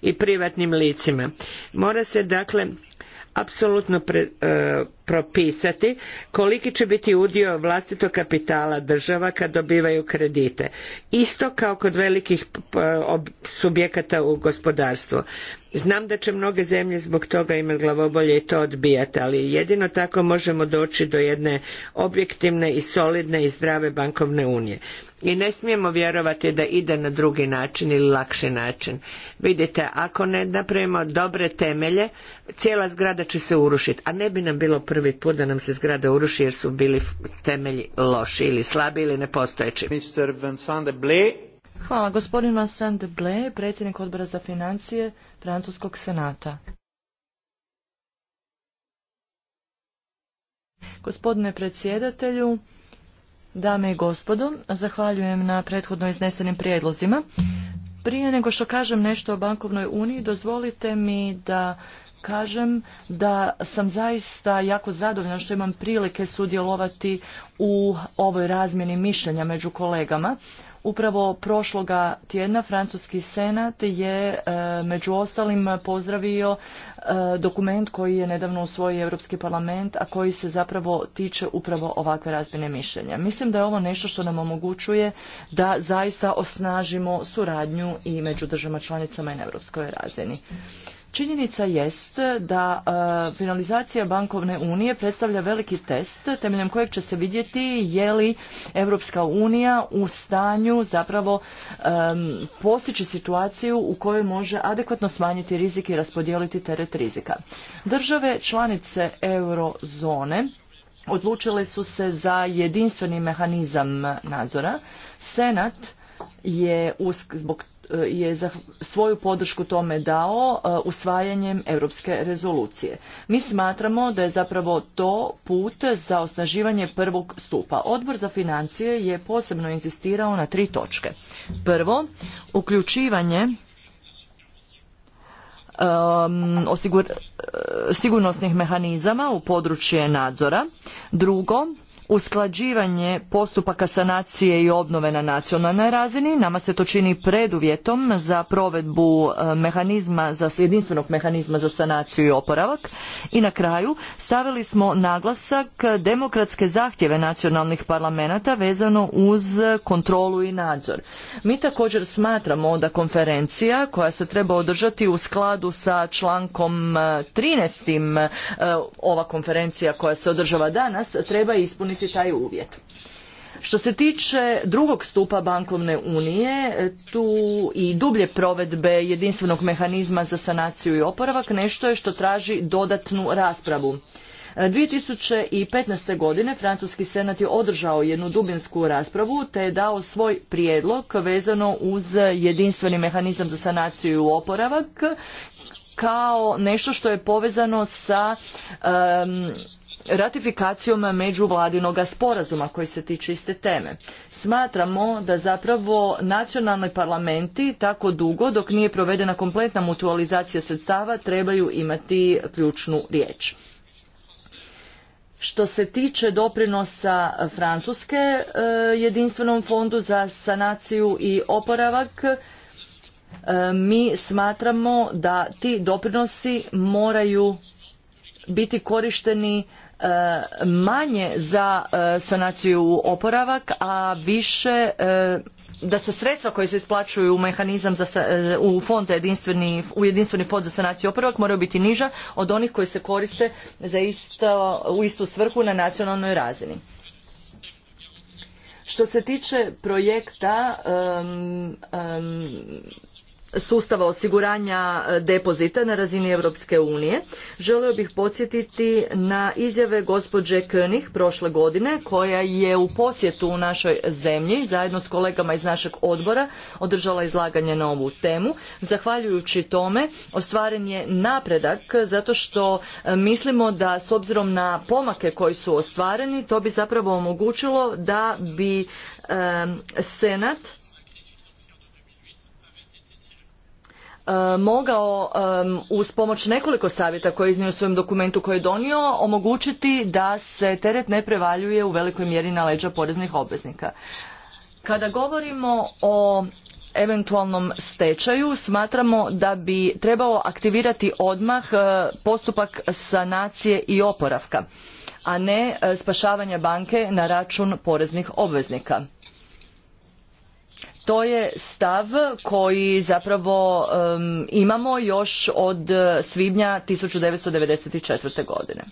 i, privatnim licima. Mora se dakle apsolutno e, propisati koliki će biti udio vlastitog kapitala država kad dobivaju kredite. Isto kao kod velikih subjekata u gospodarstvu. Znam da će mnoge zemlje zbog toga imati glavobolje i to odbijati, ali jedino tako možemo doći do jedne objektivne i solidne i zdrave bankovne unije. I ne smijemo vjerovati da ide na drugi način ili lakši način. Vidite, ako ne napravimo dobre temelje, cijela zgrada će se urušiti, a ne bi nam bilo prvi put da nam se zgrada uruši jer su bili temelji loši ili slabi ili nepostojeći. Mr. Hvala. Gospodin Vincent de Blé, predsjednik odbora za financije Francuskog senata. Gospodine predsjedatelju, dame i gospodo, zahvaljujem na prethodno iznesenim prijedlozima. Prije nego što kažem nešto o bankovnoj uniji, dozvolite mi da kažem da sam zaista jako zadovoljna što imam prilike sudjelovati u ovoj razmjeni mišljenja među kolegama. Upravo prošloga tjedna Francuski senat je e, među ostalim pozdravio e, dokument koji je nedavno usvojio Europski parlament, a koji se zapravo tiče upravo ovakve razmjene mišljenja. Mislim da je ovo nešto što nam omogućuje da zaista osnažimo suradnju i među državama članicama i na europskoj razini. Činjenica jest da e, finalizacija bankovne unije predstavlja veliki test temeljem kojeg će se vidjeti je li Europska unija u stanju zapravo postići situaciju u kojoj može adekvatno smanjiti rizik i raspodijeliti teret rizika. Države članice eurozone odlučile su se za jedinstveni mehanizam nadzora. Senat je zbog Eh, je svoju podršku tome dao eh, usvajanjem europske rezolucije. Mi smatramo da je zapravo to put za osnaživanje prvog stupa. Odbor za financije je posebno inzistirao na tri točke. Prvo, uključivanje ehm, eh, sigurnosnih mehanizama u područje nadzora. Drugo, usklađivanje postupaka sanacije i obnove na nacionalnoj razini. Nama se to čini preduvjetom za provedbu e, mehanizma, za jedinstvenog mehanizma za sanaciju i oporavak. I na kraju stavili smo naglasak demokratske zahtjeve nacionalnih parlamenata vezano uz kontrolu i nadzor. Mi također smatramo da konferencija koja se treba održati u skladu sa člankom 13. E, e, ova konferencija koja se održava danas treba ispuniti ispuniti taj uvjet. Što se tiče drugog stupa bankovne unije, tu i dublje provedbe jedinstvenog mehanizma za sanaciju i oporavak nešto je što traži dodatnu raspravu. 2015. godine Francuski senat je održao jednu dubinsku raspravu te je dao svoj prijedlog vezano uz jedinstveni mehanizam za sanaciju i oporavak kao nešto što je povezano sa ratifikacijom međuvladinog sporazuma koji se tiče iste teme. Smatramo da zapravo nacionalni parlamenti tako dugo dok nije provedena kompletna mutualizacija sredstava trebaju imati ključnu riječ. Što se tiče doprinosa Francuske e, jedinstvenom fondu za sanaciju i oporavak, e, mi smatramo da ti doprinosi moraju biti korišteni manje za e, sanaciju oporavak, a više e, da se sredstva koje se isplaćuju u mehanizam za, e, u fond za jedinstveni, u fond za sanaciju oporavak moraju biti niža od onih koji se koriste za isto, u istu svrhu na nacionalnoj razini. Što se tiče projekta sustava osiguranja e, depozita na razini Europske unije. Želio bih podsjetiti na izjave gospođe König prošle godine koja je u posjetu u našoj zemlji zajedno s kolegama iz našeg odbora održala izlaganje na ovu temu. Zahvaljujući tome ostvaren je napredak zato što e, mislimo da s obzirom na pomake koji su ostvareni to bi zapravo omogućilo da bi e, Senat E, mogao uz pomoć nekoliko savjeta koje je iznio u svojem dokumentu koji je donio omogućiti da se teret ne prevaljuje u velikoj mjeri na leđa poreznih obveznika. Kada govorimo o eventualnom stečaju smatramo da bi trebalo aktivirati odmah e, postupak sanacije i oporavka, a ne e, spašavanja banke na račun poreznih obveznika to je stav koji zapravo imamo još od e, svibnja 1994. godine.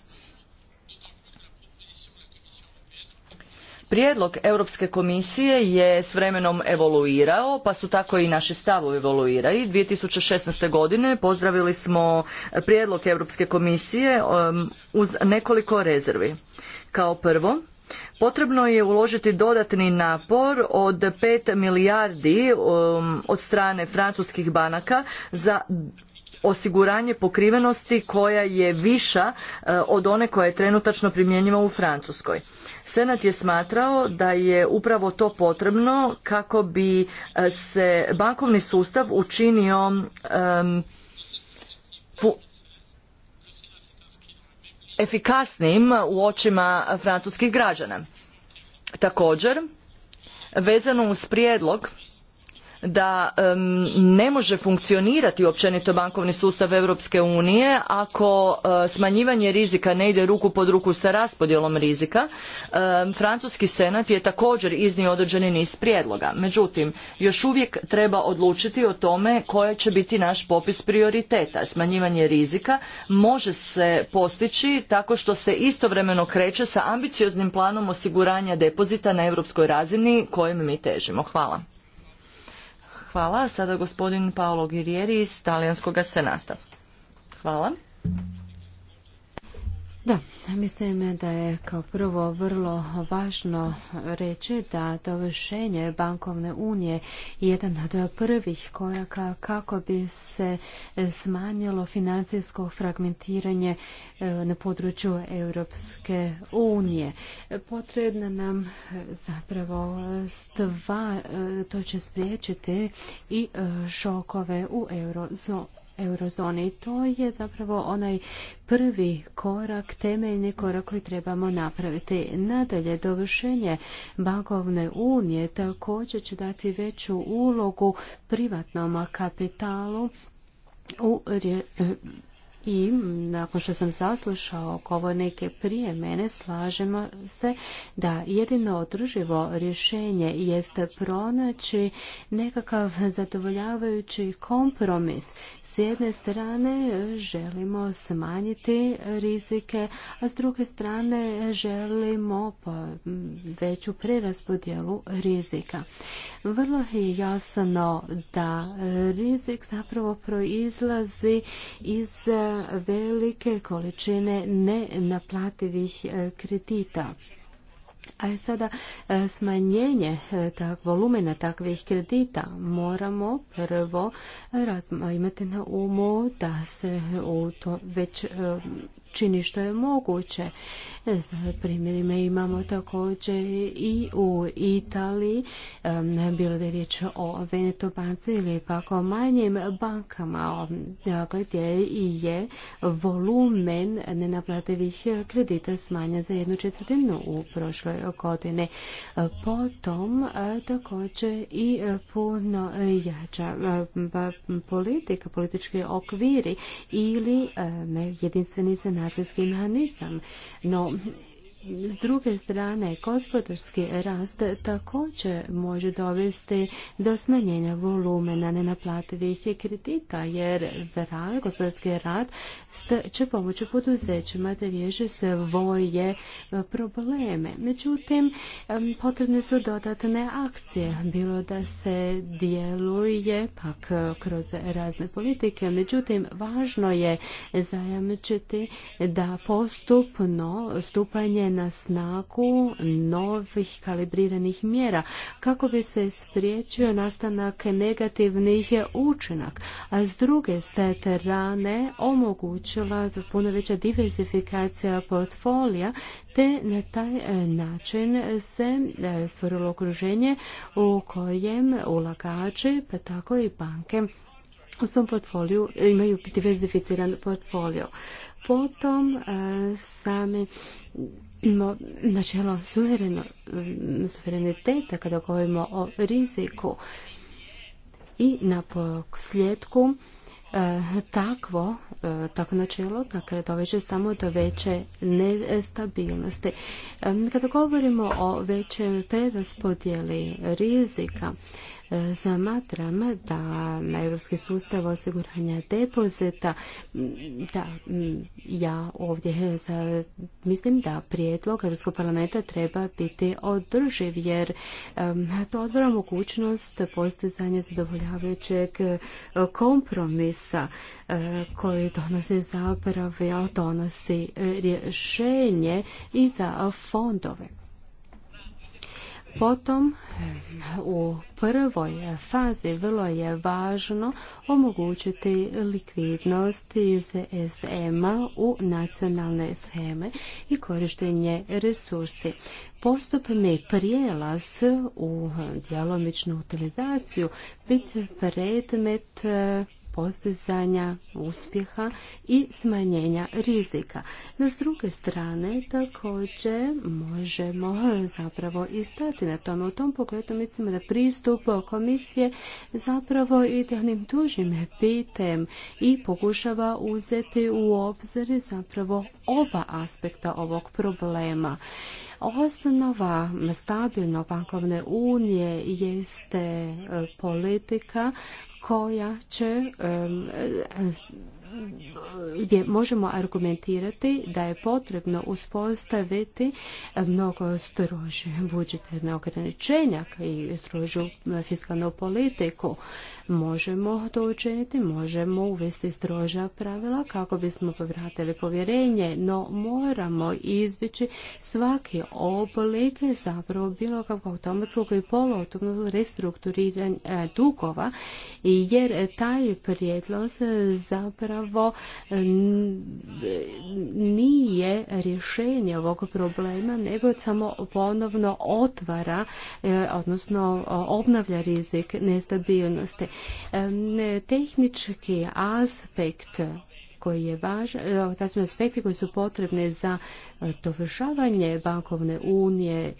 Prijedlog Europske komisije je s vremenom evoluirao, pa su tako i naši stavovi evoluirali. 2016. godine pozdravili smo prijedlog Europske komisije uz nekoliko rezervi. Kao prvo, Potrebno je uložiti dodatni napor od 5 milijardi um, od strane francuskih banaka za osiguranje pokrivenosti koja je viša uh, od one koja je trenutačno primjenjiva u Francuskoj. Senat je smatrao da je upravo to potrebno kako bi uh, se bankovni sustav učinio um, efikasnijim u očima francuskih građana. Također, vezano uz prijedlog da ne može funkcionirati općenito bankovni sustav Europske unije ako e, smanjivanje rizika ne ide ruku pod ruku sa raspodjelom rizika. Francuski senat je također iznio određeni niz prijedloga. Međutim, još uvijek treba odlučiti o tome koje će biti naš popis prioriteta. Smanjivanje rizika može se postići tako što se istovremeno kreće sa ambicioznim planom osiguranja depozita na europskoj razini kojem mi težimo. Hvala. Hvala. Sada gospodin Paolo Girieri iz Talijanskog senata. Hvala. Da, mislim da je kao prvo vrlo važno reći da dovršenje bankovne unije jedan od prvih koraka kako bi se smanjilo financijsko fragmentiranje e, na području Europske unije. Potrebno nam zapravo stva, e, to će spriječiti i e, šokove u eurozoni i To je zapravo onaj prvi korak, temeljni korak koji trebamo napraviti. Nadalje, dovršenje bagovne unije također će dati veću ulogu privatnom kapitalu u i nakon što sam saslušao neke prije mene, slažemo se da jedino održivo rješenje jeste pronaći nekakav zadovoljavajući kompromis. S jedne strane želimo smanjiti rizike, a s druge strane želimo veću preraspodjelu rizika. Vrlo je jasno da rizik zapravo proizlazi iz velike količine nenaplativih e, kredita. A sada e, smanjenje e, volumena takvih kredita moramo prvo imati na umu da se u to već čini što je moguće. Primjerime primjerima imamo također i u Italiji, bilo da je riječ o Veneto banci ili pak o manjim bankama, dakle gdje je volumen nenaplativih kredita smanja za jednu četvrtinu u prošloj godine. Potom e, također i puno jača e, pa, politika, politički okviri ili jedinstveni financijskim nisam, No, s druge strane, gospodarski rast također može dovesti do smanjenja volumena nenaplativih kredita, jer gospodarski rad će pomoći poduzećima da se svoje e, probleme. Međutim, potrebne su dodatne akcije, bilo da se djeluje pak e, kroz razne politike. Međutim, važno je zajamčiti da postupno stupanje na snagu novih kalibriranih mjera kako bi se spriječio nastanak negativnih učinak, a s druge strane omogućila puno veća diversifikacija portfolija te na taj e, način se e, stvorilo okruženje u kojem ulagači pa tako i banke u svom portfoliju imaju diversificiran portfolio. Potom e, sami načelo suvereniteta kada govorimo o riziku i na posljedku e, takvo, e, takvo načelo dakle doveće samo do veće nestabilnosti. E, kada govorimo o većoj preraspodjeli rizika, Zamatram da Europski sustav osiguranja depozita, da ja ovdje mislim da prijedlog Europskog parlamenta treba biti održiv jer to odvora mogućnost postizanja zadovoljavajućeg kompromisa e, koji donosi zapravo donosi e, rješenje i za fondove. Potom u prvoj fazi vrlo je važno omogućiti likvidnost iz SM-a u nacionalne sheme i korištenje resursi. Postupni prijelaz u djelomičnu utilizaciju bit će predmet postizanja uspjeha i smanjenja rizika. No, s druge strane, također možemo zapravo i stati na tome. U tom pogledu mislimo da pristup komisije zapravo ide onim dužim pitem i pokušava uzeti u obzir zapravo oba aspekta ovog problema. Osnova stabilno bankovne unije jeste e, politika koja će gdje možemo argumentirati da je potrebno uspostaviti mnogo strože budžetne ograničenja i strožu fiskalnu politiku možemo to učiniti, možemo uvesti stroža pravila kako bismo povratili povjerenje, no moramo izbjeći svaki oblik zapravo bilo kakvog automatskog i poluautomatskog restrukturiranja e, dugova, jer taj prijedlog zapravo nije rješenje ovog problema, nego samo ponovno otvara, e, odnosno obnavlja rizik nestabilnosti. Tehnički aspekt koji je važan, e, su aspekti koji su potrebne za e, dovršavanje bankovne unije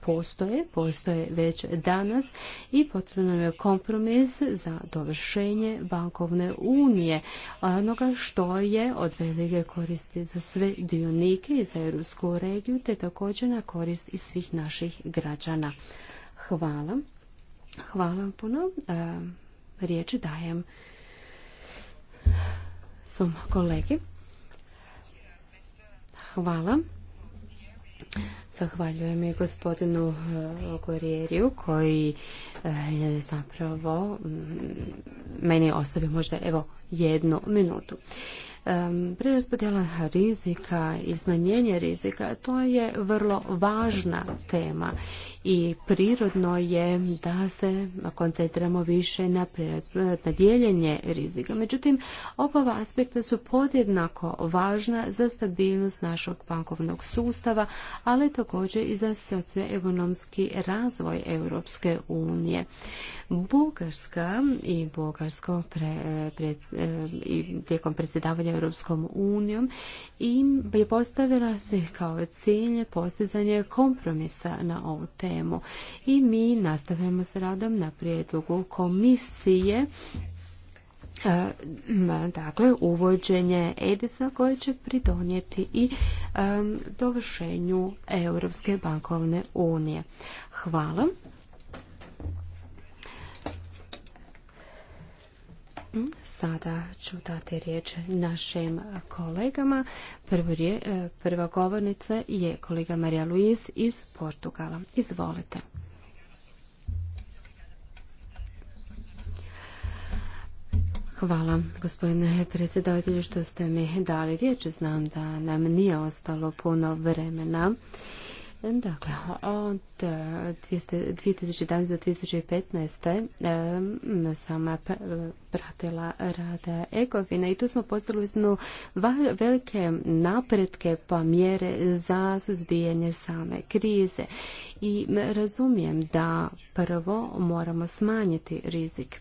postoje, postoje već danas i potrebno je kompromis za dovršenje bankovne unije, onoga što je od velike koristi za sve dionike i za europsku regiju, te također na korist i svih naših građana. Hvala. Hvala vam puno riječ dajem svom kolegi. Hvala. Zahvaljujem i gospodinu Gorjeriju eh, koji eh, je zapravo mm, meni ostavio možda evo jednu minutu. Preraspodjela rizika i smanjenje rizika, to je vrlo važna tema i prirodno je da se koncentriramo više na, na dijeljenje rizika. Međutim, oba aspekta su podjednako važna za stabilnost našeg bankovnog sustava, ali također i za socioekonomski razvoj Europske unije. Bugarska i Bugarsko pred, i tijekom predsjedavanja Europskom unijom i je postavila se kao cilj postizanje kompromisa na ovu temu. I mi nastavljamo s radom na prijedlogu komisije e, dakle uvođenje Edisa koje će pridonijeti i e, dovršenju Europske bankovne unije. Hvala. Sada ću dati riječ našim kolegama. E, prva govornica je kolega Marija Luiz iz Portugala. Izvolite. Hvala gospodine predsjedavatelju što ste mi dali riječ. Znam da nam nije ostalo puno vremena. Dakle, od 2011. E, do 2015. E, sam e, pratila rada Ekovina i tu smo postali znu velike napretke pa mjere za suzbijanje same krize. I razumijem da prvo moramo smanjiti rizik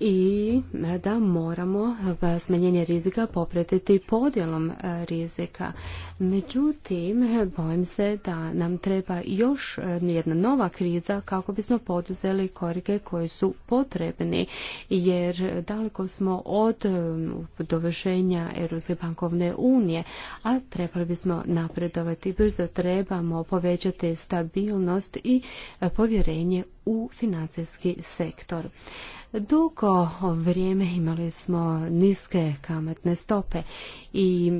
i e, da moramo e, smanjenje rizika popretiti podjelom e, rizika. Međutim, bojim se da nam treba još jedna nova kriza kako bismo poduzeli korike koje su potrebni, jer daleko smo od dovršenja Europske bankovne unije, a trebali bismo napredovati brzo, trebamo povećati stabilnost i povjerenje u financijski sektor. Dugo vrijeme imali smo niske kamatne stope i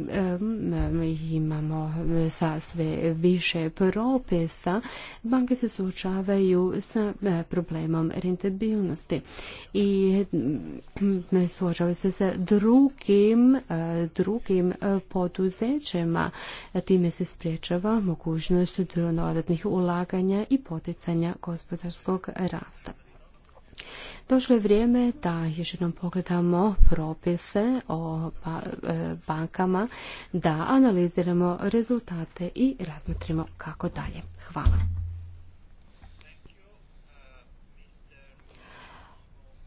imamo sa sve više propisa. Banke se suočavaju sa e, problemom rentabilnosti i suočavaju se sa drugim, e, drugim e, poduzećima. Time se spriječava mogućnost dodatnih ulaganja i poticanja gospodarskog rasta. Došlo je vrijeme da još jednom pogledamo propise o e, bankama, da analiziramo rezultate i razmotrimo kako dalje. Hvala.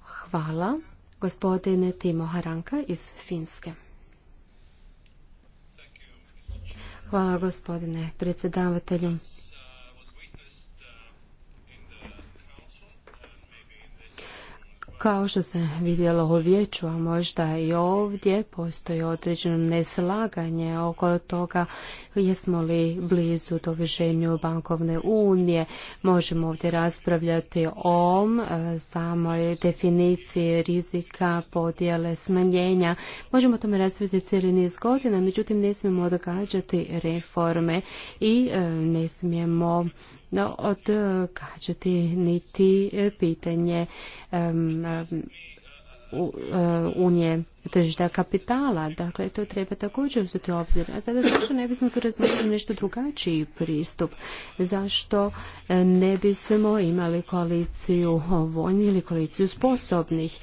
Hvala, gospodine Timo Haranka iz Finske. Hvala, gospodine predsjedavatelju. Kao što se vidjelo u vijeću, a možda i ovdje, postoji određeno neslaganje oko toga jesmo li blizu doviženju bankovne unije. Možemo ovdje raspravljati o e, samoj definiciji rizika, podjele, smanjenja. Možemo tome raspravljati cijeli niz godina, međutim ne smijemo odgađati reforme i e, ne smijemo no, odgađati niti pitanje e, unije tržišta kapitala. Dakle, to treba također uzeti u obzir. A sada zašto ne bismo tu razmišljali nešto drugačiji pristup? Zašto e, ne bismo imali koaliciju voljnih ili koaliciju sposobnih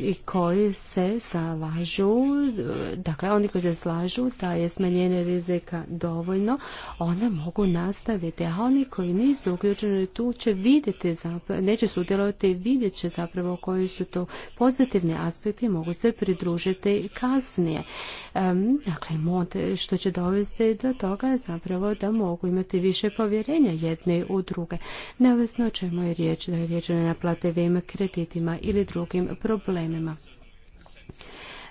i koji se slažu, dakle, oni koji se slažu da je smanjenje rizika dovoljno, one mogu nastaviti. A oni koji nisu uključeni tu će vidjeti, neće sudjelovati, vidjet će zapravo koji su to pozitivni aspekti mogu se pridružiti kasnije. Dakle, mod što će dovesti do toga je zapravo da mogu imati više povjerenja jedne u druge. Neovisno o čemu je riječ, da je riječ o nenaplativim kreditima ili drugim problemima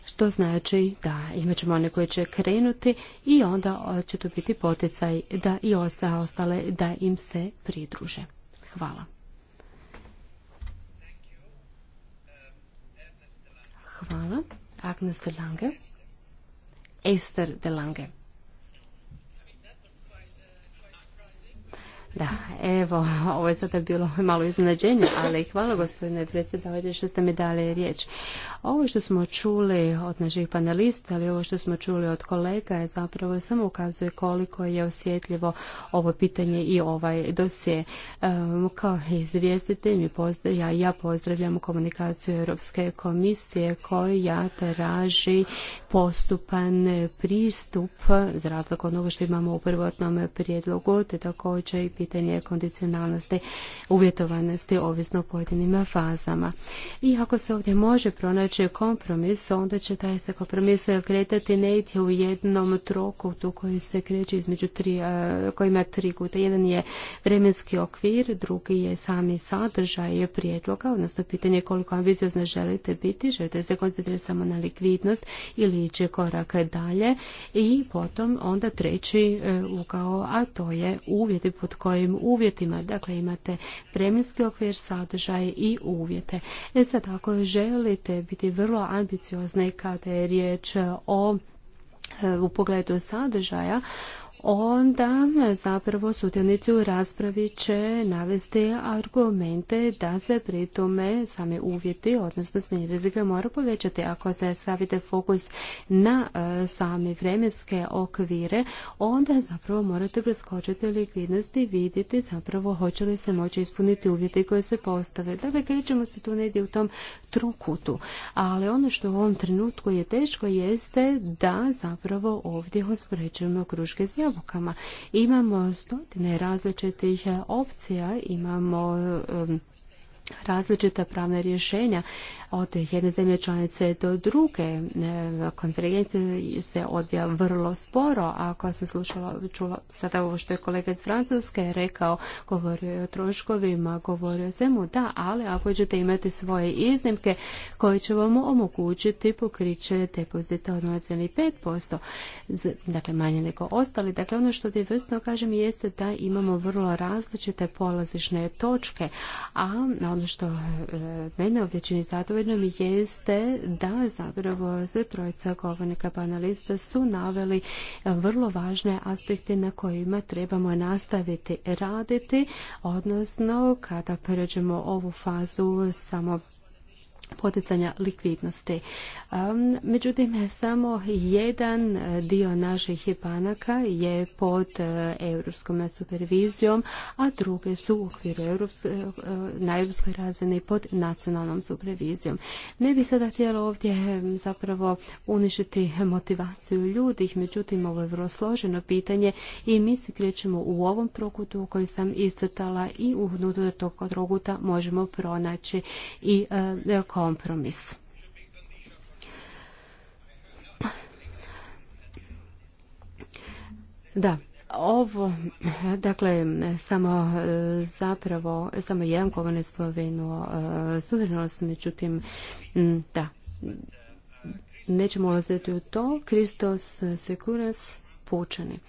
što znači da imat ćemo one koji će krenuti i onda će to biti poticaj da i ostale da im se pridruže. Hvala. Hvala. Agnes de Lange. Ester de Lange. Da, evo, ovo je sada bilo malo iznenađenje, ali hvala gospodine predsjedavajte što ste mi dali riječ. Ovo što smo čuli od naših panelista, ali ovo što smo čuli od kolega je zapravo samo ukazuje koliko je osjetljivo ovo pitanje i ovaj dosje. Ehm, kao izvjestitelj mi ja, ja pozdravljam komunikaciju Europske komisije koja traži postupan pristup za razliku onoga što imamo u prvotnom prijedlogu, te također i pitanje kondicionalnosti, uvjetovanosti ovisno o pojedinim fazama. I ako se ovdje može pronaći kompromis, onda će taj se kompromis kretati negdje u jednom trokutu koji se kreće između tri, e, koji ima tri kuta. Jedan je vremenski okvir, drugi je sami sadržaj prijedloga, odnosno pitanje koliko ambiciozno želite biti, želite se koncentrirati samo na likvidnost ili ići korak dalje i potom onda treći e, ugao, a to je uvjeti pod kojim kojim uvjetima. Dakle, imate vremenski okvir, sadržaj i uvjete. E sad, ako želite biti vrlo ambiciozni kada je riječ o e, u pogledu sadržaja, onda zapravo sudjelnici u raspravi će navesti argumente da se pri tome sami uvjeti, odnosno smjenje rizika mora povećati. Ako se stavite fokus na e, same vremenske okvire, onda zapravo morate preskočiti likvidnost i vidjeti zapravo hoće li se moći ispuniti uvjeti koje se postave. Dakle, krećemo se tu negdje u tom trukutu. Ali ono što u ovom trenutku je teško jeste da zapravo ovdje uspoređujemo kruške odlukama Imamo stotine različitih opcija, imamo različita pravna rješenja od jedne zemlje članice do druge. E, Konferencija se odvija vrlo sporo, a koja sam slušala, čula sada ovo što je kolega iz Francuske rekao, govori o troškovima, govori o svemu, da, ali ako ćete imati svoje iznimke koje će vam omogućiti pokriće depozita od 0,5%, dakle manje nego ostali. Dakle, ono što vrstno kažem jeste da imamo vrlo različite polazišne točke, a ono što e, mene ovdje čini zadovoljnom jeste da zapravo za trojica govornika panelista su naveli e, vrlo važne aspekte na kojima trebamo nastaviti raditi, odnosno kada pređemo ovu fazu samo poticanja likvidnosti. Međutim, samo jedan dio naših banaka je pod e, europskom supervizijom, a druge su u okviru e, na europskoj razini pod nacionalnom supervizijom. Ne bi sada htjela ovdje e, zapravo uništiti motivaciju ljudi, međutim ovo je vrlo složeno pitanje i mi se krećemo u ovom trokutu koji sam iscrtala i unutar tog trokuta možemo pronaći i kompromis. Da, ovo, dakle, samo e, zapravo, samo jedan kovo ne spomenuo e, suverenost, međutim, da, nećemo ulaziti u to. Kristos Sekuras Pučani.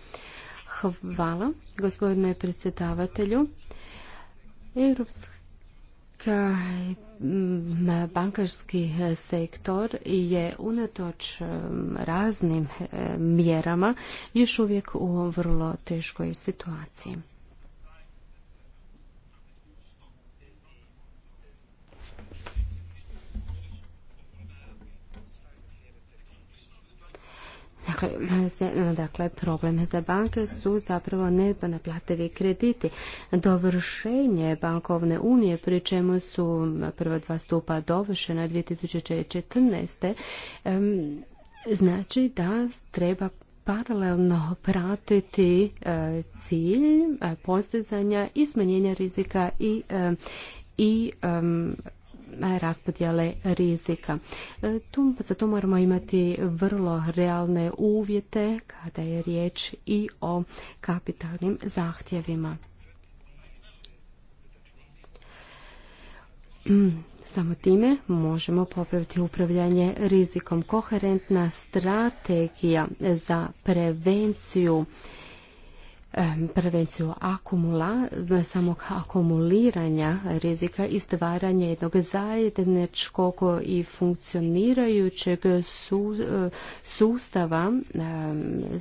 Hvala, gospodine predsjedavatelju. Europska bankarski e, sektor je unatoč e, raznim e, mjerama još uvijek u vrlo teškoj situaciji. Dakle, dakle, problem za banke su zapravo nenaplativi krediti. Dovršenje bankovne unije, pri čemu su prva dva stupa dovršena 2014. Znači da treba paralelno pratiti e, cilj e, postizanja i smanjenja rizika i e, raspodjele rizika. E, tu, za to moramo imati vrlo realne uvjete kada je riječ i o kapitalnim zahtjevima. Mm, samo time možemo popraviti upravljanje rizikom. Koherentna strategija za prevenciju prevenciju akumula, samog akumuliranja rizika i stvaranje jednog zajedničkog i funkcionirajućeg e, sustava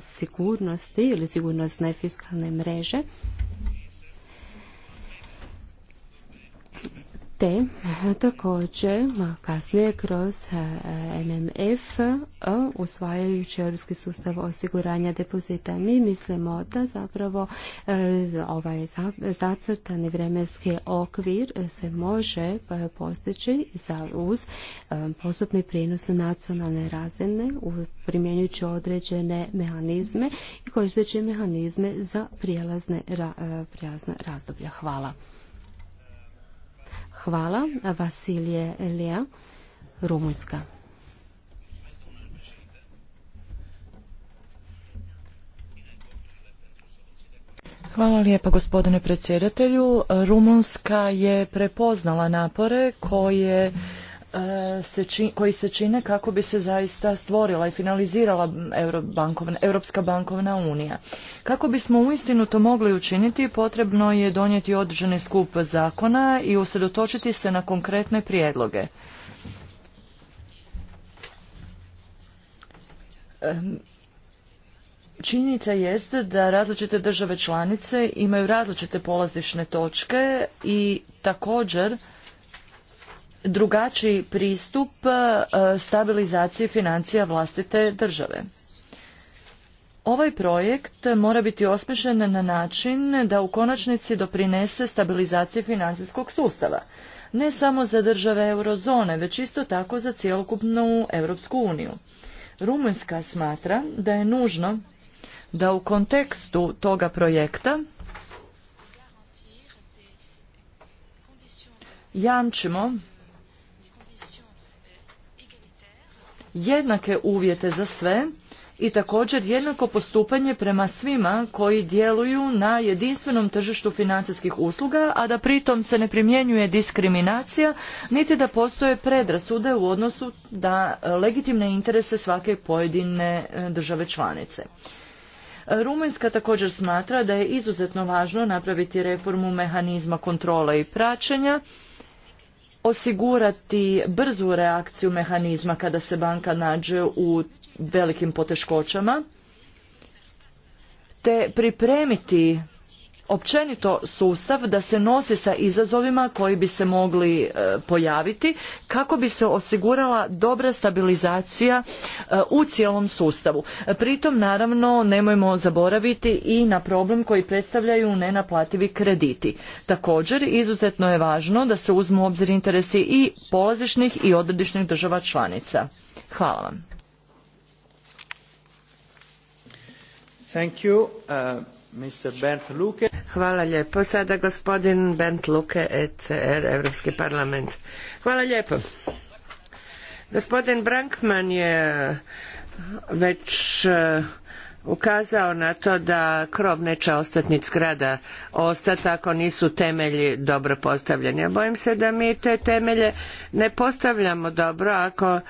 sigurnosti ili sigurnosne fiskalne mreže te eh, također kasnije kroz eh, MMF eh, usvajajući europski sustav osiguranja depozita. Mi mislimo da zapravo ovaj zacrtani vremenski okvir se može postići za uz postupni prijenos na nacionalne razine primjenjujući određene mehanizme i koristeći mehanizme za prijelazne, prijelazne razdoblja. Hvala. Hvala. Vasilije Lea, Rumunjska. Hvala lijepa gospodine predsjedatelju. Rumunska je prepoznala napore koje E, koji se čine kako bi se zaista stvorila i finalizirala Europska bankovna unija. Kako bismo uistinu to mogli učiniti, potrebno je donijeti određeni skup zakona i usredotočiti se na konkretne prijedloge. Činjenica jest da različite države članice imaju različite polazišne točke i također drugačiji pristup e, stabilizaciji financija vlastite države. Ovaj projekt mora biti osmišljen na način da u konačnici doprinese stabilizaciji financijskog sustava, ne samo za države eurozone, već isto tako za cjelokupnu Europsku uniju. Rumunjska smatra da je nužno da u kontekstu toga projekta jamčimo jednake uvjete za sve i također jednako postupanje prema svima koji djeluju na jedinstvenom tržištu financijskih usluga, a da pritom se ne primjenjuje diskriminacija, niti da postoje predrasude u odnosu da legitimne interese svake pojedine e, države članice. Rumunjska također smatra da je izuzetno važno napraviti reformu mehanizma kontrole i praćenja, osigurati brzu reakciju mehanizma kada se banka nađe u velikim poteškoćama te pripremiti općenito sustav da se nosi sa izazovima koji bi se mogli e, pojaviti kako bi se osigurala dobra stabilizacija e, u cijelom sustavu. Pritom naravno nemojmo zaboraviti i na problem koji predstavljaju nenaplativi krediti. Također izuzetno je važno da se uzmu u obzir interesi i polazišnih i odredišnih država članica. Hvala vam. Uh, Mr. bent Luke. Hvala lijepo. Sada gospodin Bent Luke, ECR, Europski parlament. Hvala lijepo. Gospodin Brankman je već e, ukazao na to da krov neće ostati nit zgrada ostati ako nisu temelji dobro postavljeni. Ja bojim se da mi te temelje ne postavljamo dobro ako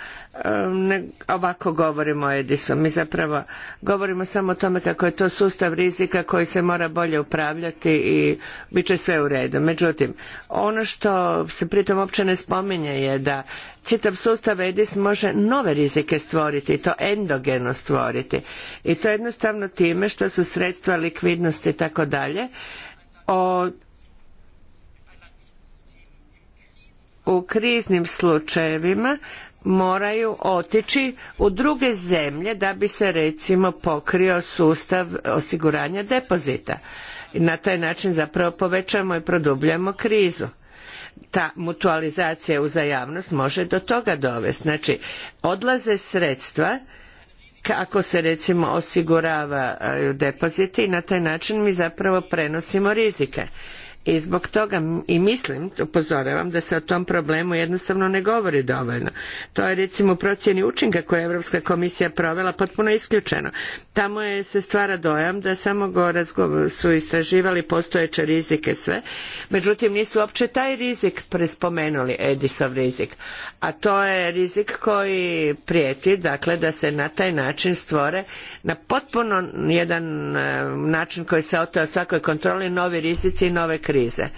ne, ovako govorimo o Edisu. Mi zapravo govorimo samo o tome kako je to sustav rizika koji se mora bolje upravljati i bit će sve u redu. Međutim, ono što se pritom uopće ne spominje je da čitav sustav Edis može nove rizike stvoriti i to endogeno stvoriti. I to jednostavno time što su sredstva likvidnosti i tako dalje u kriznim slučajevima moraju otići u druge zemlje da bi se recimo pokrio sustav osiguranja depozita. I na taj način zapravo povećamo i produbljujemo krizu ta mutualizacija uzajamnost može do toga dovesti. Znači, odlaze sredstva kako se recimo osiguravaju e, depoziti i na taj način mi zapravo prenosimo rizike. I zbog toga i mislim, upozoravam, da se o tom problemu jednostavno ne govori dovoljno. To je recimo u procjeni učinka koje je Europska komisija provela potpuno isključeno. Tamo je, se stvara dojam da samo go su istraživali postojeće rizike sve, međutim nisu uopće taj rizik prespomenuli, Edisov rizik. A to je rizik koji prijeti, dakle, da se na taj način stvore na potpuno jedan e, način koji se oteo svakoj kontroli novi rizici i nove krize krize.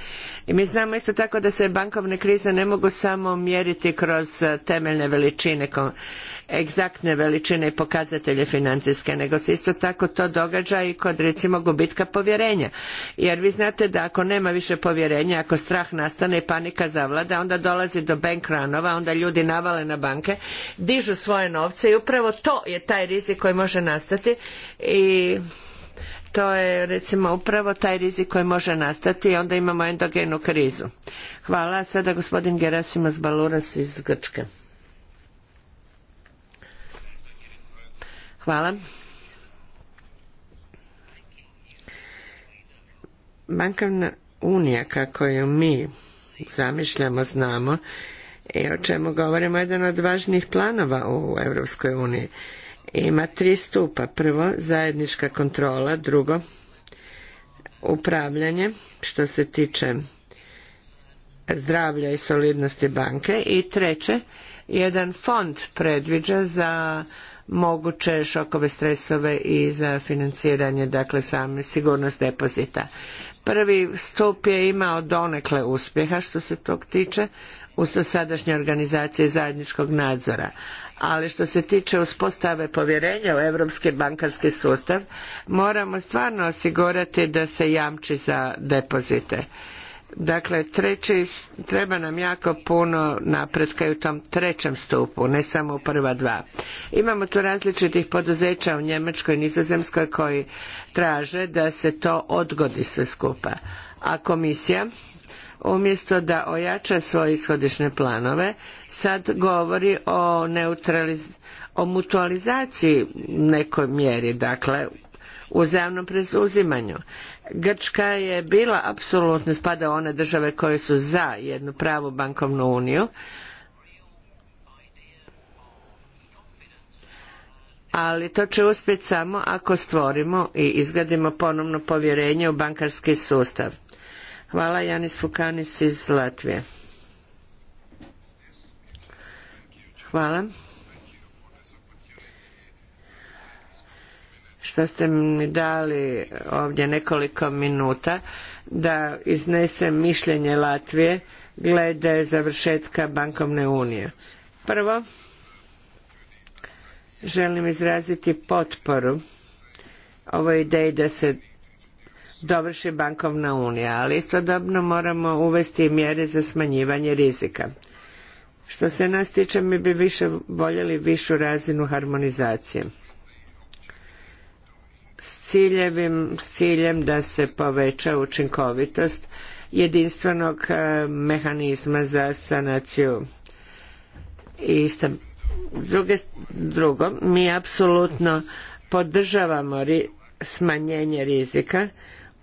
I mi znamo isto tako da se bankovne krize ne mogu samo mjeriti kroz eh, temeljne veličine, egzaktne veličine i pokazatelje financijske, nego se isto tako to događa i kod recimo gubitka povjerenja. Jer vi znate da ako nema više povjerenja, ako strah nastane i panika zavlada, onda dolazi do bank onda ljudi navale na banke, dižu svoje novce i upravo to je taj rizik koji može nastati i to je recimo upravo taj rizik koji može nastati i onda imamo endogenu krizu. Hvala. Sada gospodin Gerasimas Baluras iz Grčke. Hvala. Bankovna unija kako ju mi zamišljamo, znamo i o čemu govorimo jedan od važnijih planova u Europskoj uniji ima tri stupa. Prvo, zajednička kontrola. Drugo, upravljanje što se tiče zdravlja i solidnosti banke. I treće, jedan fond predviđa za moguće šokove stresove i za financiranje dakle same sigurnost depozita. Prvi stup je imao donekle uspjeha što se tog tiče u sadašnje organizacije zajedničkog nadzora, ali što se tiče uspostave povjerenja u europski bankarski sustav moramo stvarno osigurati da se jamči za depozite. Dakle, treći, treba nam jako puno napretka i u tom trećem stupu, ne samo u prva dva. Imamo tu različitih poduzeća u Njemačkoj i Nizozemskoj koji traže da se to odgodi sve skupa. A komisija umjesto da ojača svoje ishodišne planove sad govori o, neutraliz o mutualizaciji nekoj mjeri dakle uzajamnom preuzimanju. Grčka je bila apsolutno spada u one države koje su za jednu pravu bankovnu uniju ali to će uspjeti samo ako stvorimo i izgradimo ponovno povjerenje u bankarski sustav. Hvala Janis Fukanis iz Latvije. Hvala. Što ste mi dali ovdje nekoliko minuta da iznesem mišljenje Latvije glede završetka bankovne unije. Prvo, želim izraziti potporu ovoj ideji da se dovrši bankovna unija, ali istodobno moramo uvesti mjere za smanjivanje rizika. Što se nas tiče, mi bi više voljeli višu razinu harmonizacije. S, ciljevim, s ciljem da se poveća učinkovitost jedinstvenog e, mehanizma za sanaciju. I drugo, mi apsolutno podržavamo smanjenje rizika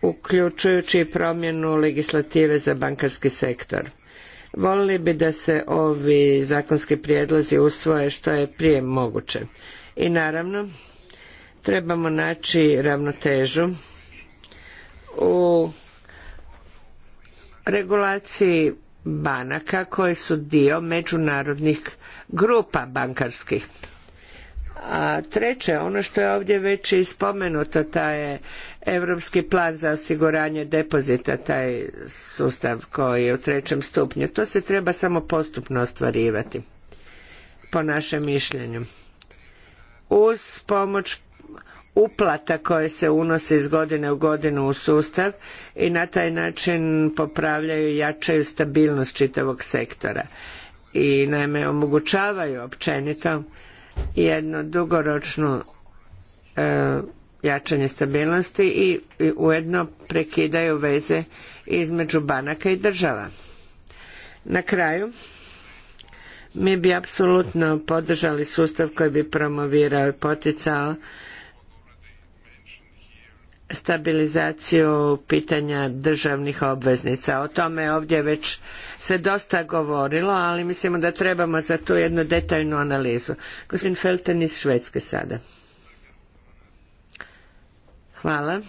uključujući promjenu legislative za bankarski sektor. Volili bi da se ovi zakonski prijedlozi usvoje što je prije moguće. I naravno, trebamo naći ravnotežu u regulaciji banaka koje su dio međunarodnih grupa bankarskih. A treće, ono što je ovdje već i spomenuto, taj je europski plan za osiguranje depozita, taj sustav koji je u trećem stupnju. To se treba samo postupno ostvarivati, po našem mišljenju. Uz pomoć uplata koje se unose iz godine u godinu u sustav i na taj način popravljaju i jačaju stabilnost čitavog sektora. I naime omogućavaju općenito jedno dugoročno e, jačanje stabilnosti i, i ujedno prekidaju veze između banaka i država. Na kraju, mi bi apsolutno podržali sustav koji bi promovirao i poticao stabilizaciju pitanja državnih obveznica. O tome ovdje već se dosta govorilo, ali mislimo da trebamo za tu jednu detaljnu analizu. Gospodin Felten iz Švedske sada. Hvala.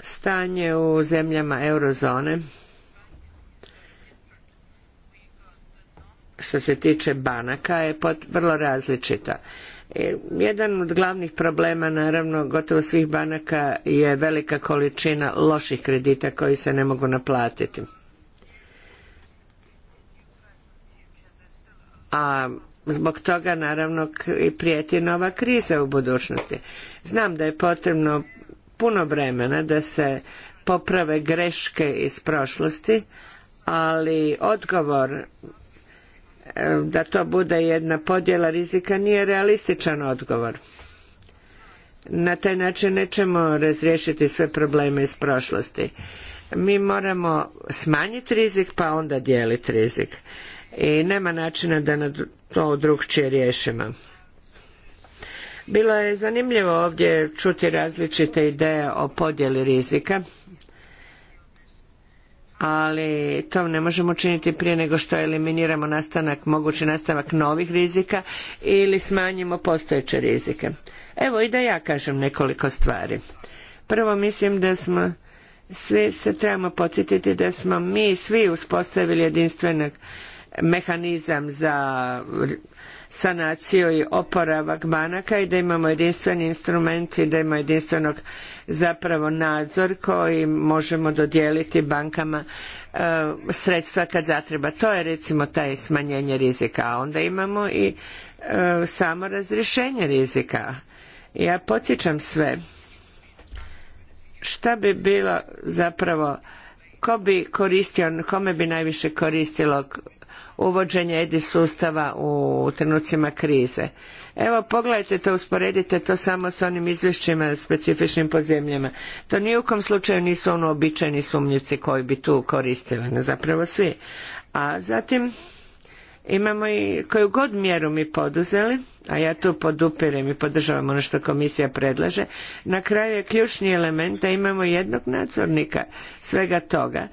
Stanje u zemljama eurozone što se tiče banaka je vrlo različita E, jedan od glavnih problema naravno gotovo svih banaka je velika količina loših kredita koji se ne mogu naplatiti. A zbog toga naravno i prijeti nova kriza u budućnosti. Znam da je potrebno puno vremena da se poprave greške iz prošlosti, ali odgovor da to bude jedna podjela rizika nije realističan odgovor. Na taj način nećemo razriješiti sve probleme iz prošlosti. Mi moramo smanjiti rizik pa onda dijeliti rizik. I nema načina da to drugčije riješimo. Bilo je zanimljivo ovdje čuti različite ideje o podjeli rizika ali to ne možemo činiti prije nego što eliminiramo nastanak, mogući nastavak novih rizika ili smanjimo postojeće rizike. Evo i da ja kažem nekoliko stvari. Prvo mislim da smo svi se trebamo podsjetiti da smo mi svi uspostavili jedinstvenog mehanizam za sanaciju i oporavak banaka i da imamo jedinstveni instrument i da imamo jedinstvenog zapravo nadzor koji možemo dodijeliti bankama e, sredstva kad zatreba. To je recimo taj smanjenje rizika. A onda imamo i e, samo razrješenje rizika. Ja podsjećam sve. Šta bi bilo zapravo ko bi koristio, kome bi najviše koristilo uvođenje EDI sustava u trenucima krize. Evo pogledajte to, usporedite to samo s onim izvješćima specifičnim po zemljama. To ni u slučaju nisu ono običajni sumnjivci koji bi tu koristili, no, zapravo svi. A zatim imamo i koju god mjeru mi poduzeli, a ja tu podupirem i podržavam ono što komisija predlaže, na kraju je ključni element da imamo jednog nadzornika svega toga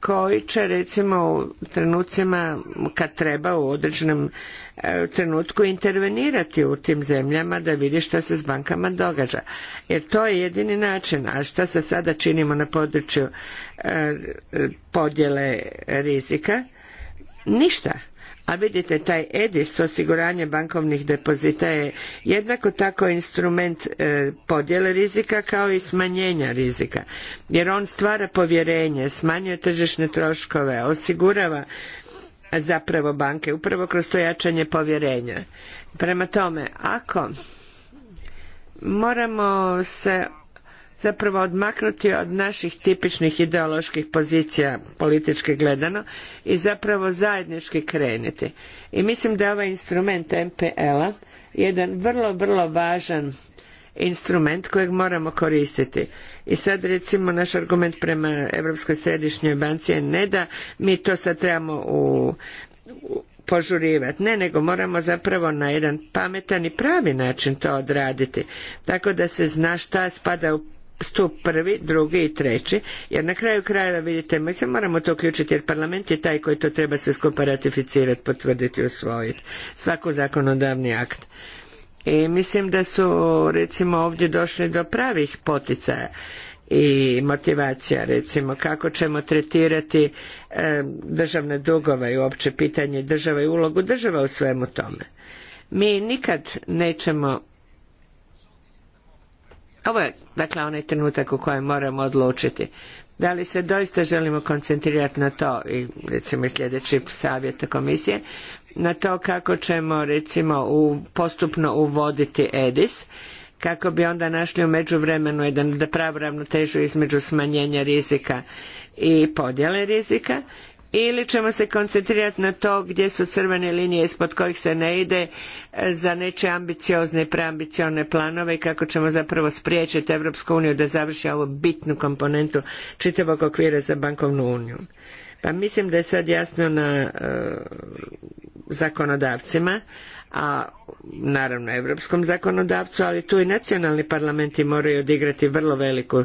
koji će recimo u trenucima kad treba u određenom e, trenutku intervenirati u tim zemljama da vidi šta se s bankama događa. Jer to je jedini način. A šta se sada činimo na području e, podjele rizika? Ništa. A vidite, taj EDIS, osiguranje bankovnih depozita je jednako tako instrument e, podjele rizika kao i smanjenja rizika. Jer on stvara povjerenje, smanjuje tržišne troškove, osigurava zapravo banke, upravo kroz to jačanje povjerenja. Prema tome, ako moramo se zapravo odmaknuti od naših tipičnih ideoloških pozicija politički gledano i zapravo zajednički krenuti. I mislim da je ovaj instrument MPL-a jedan vrlo, vrlo važan instrument kojeg moramo koristiti. I sad recimo naš argument prema Europskoj središnjoj banci je ne da mi to sad trebamo u, požurivati. Ne, nego moramo zapravo na jedan pametan i pravi način to odraditi. Tako da se zna šta spada u stup prvi, drugi i treći, jer na kraju krajeva vidite, mi se moramo to uključiti jer parlament je taj koji to treba sve skupa ratificirati, potvrditi i usvojiti. svaku zakonodavni akt. I mislim da su recimo ovdje došli do pravih poticaja i motivacija recimo kako ćemo tretirati e, državne dugove i uopće pitanje države i ulogu država u svemu tome. Mi nikad nećemo ovo je dakle onaj trenutak u kojem moramo odlučiti. Da li se doista želimo koncentrirati na to i recimo sljedeći savjet komisije, na to kako ćemo recimo u, postupno uvoditi EDIS, kako bi onda našli u međuvremenu jedan da pravu ravnotežu između smanjenja rizika i podjele rizika ili ćemo se koncentrirati na to gdje su crvene linije ispod kojih se ne ide e, za neće ambiciozne i preambiciozne planove i kako ćemo zapravo spriječiti Europsku uniju da završi ovu bitnu komponentu čitavog okvira za bankovnu uniju. Pa mislim da je sad jasno na e, zakonodavcima, a naravno europskom zakonodavcu, ali tu i nacionalni parlamenti moraju odigrati vrlo veliku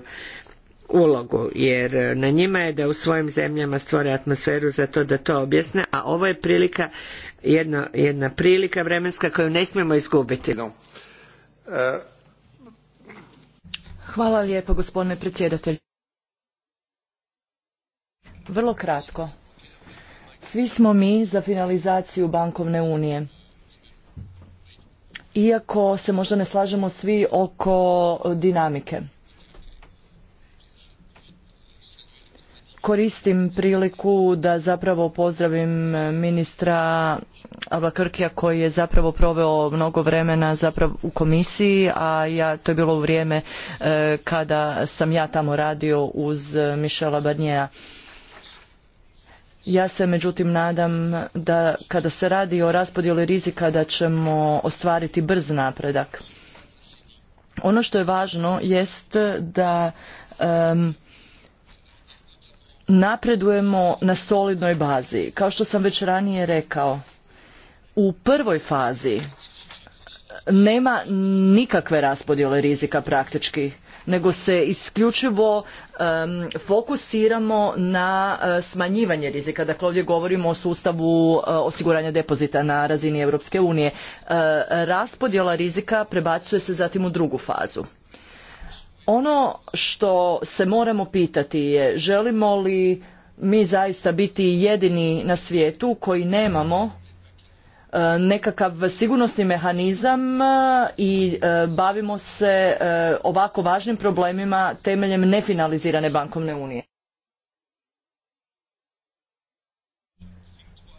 ulogu jer na njima je da u svojim zemljama stvore atmosferu za to da to objasne a ovo je prilika jedna, prilika vremenska koju ne smijemo izgubiti e, Hvala lijepo gospodine predsjedatelj Vrlo kratko Svi smo mi za finalizaciju bankovne unije iako se možda ne slažemo svi oko dinamike koristim priliku da zapravo pozdravim ministra Albakrkija koji je zapravo proveo mnogo vremena zapravo u komisiji, a ja, to je bilo u vrijeme e, kada sam ja tamo radio uz Michela Barnjeja. Ja se međutim nadam da kada se radi o raspodjeli rizika da ćemo ostvariti brz napredak. Ono što je važno jest da napredujemo na solidnoj bazi. Kao što sam već ranije rekao, u prvoj fazi nema nikakve raspodjele rizika praktički nego se isključivo fokusiramo na e, smanjivanje rizika. Dakle, ovdje govorimo o sustavu e, osiguranja depozita na razini Europske unije. E, raspodjela rizika prebacuje se zatim u drugu fazu. Ono što se moramo pitati je želimo li mi zaista biti jedini na svijetu koji nemamo e, nekakav sigurnosni mehanizam e, i e, bavimo se ovako važnim problemima temeljem nefinalizirane bankovne unije.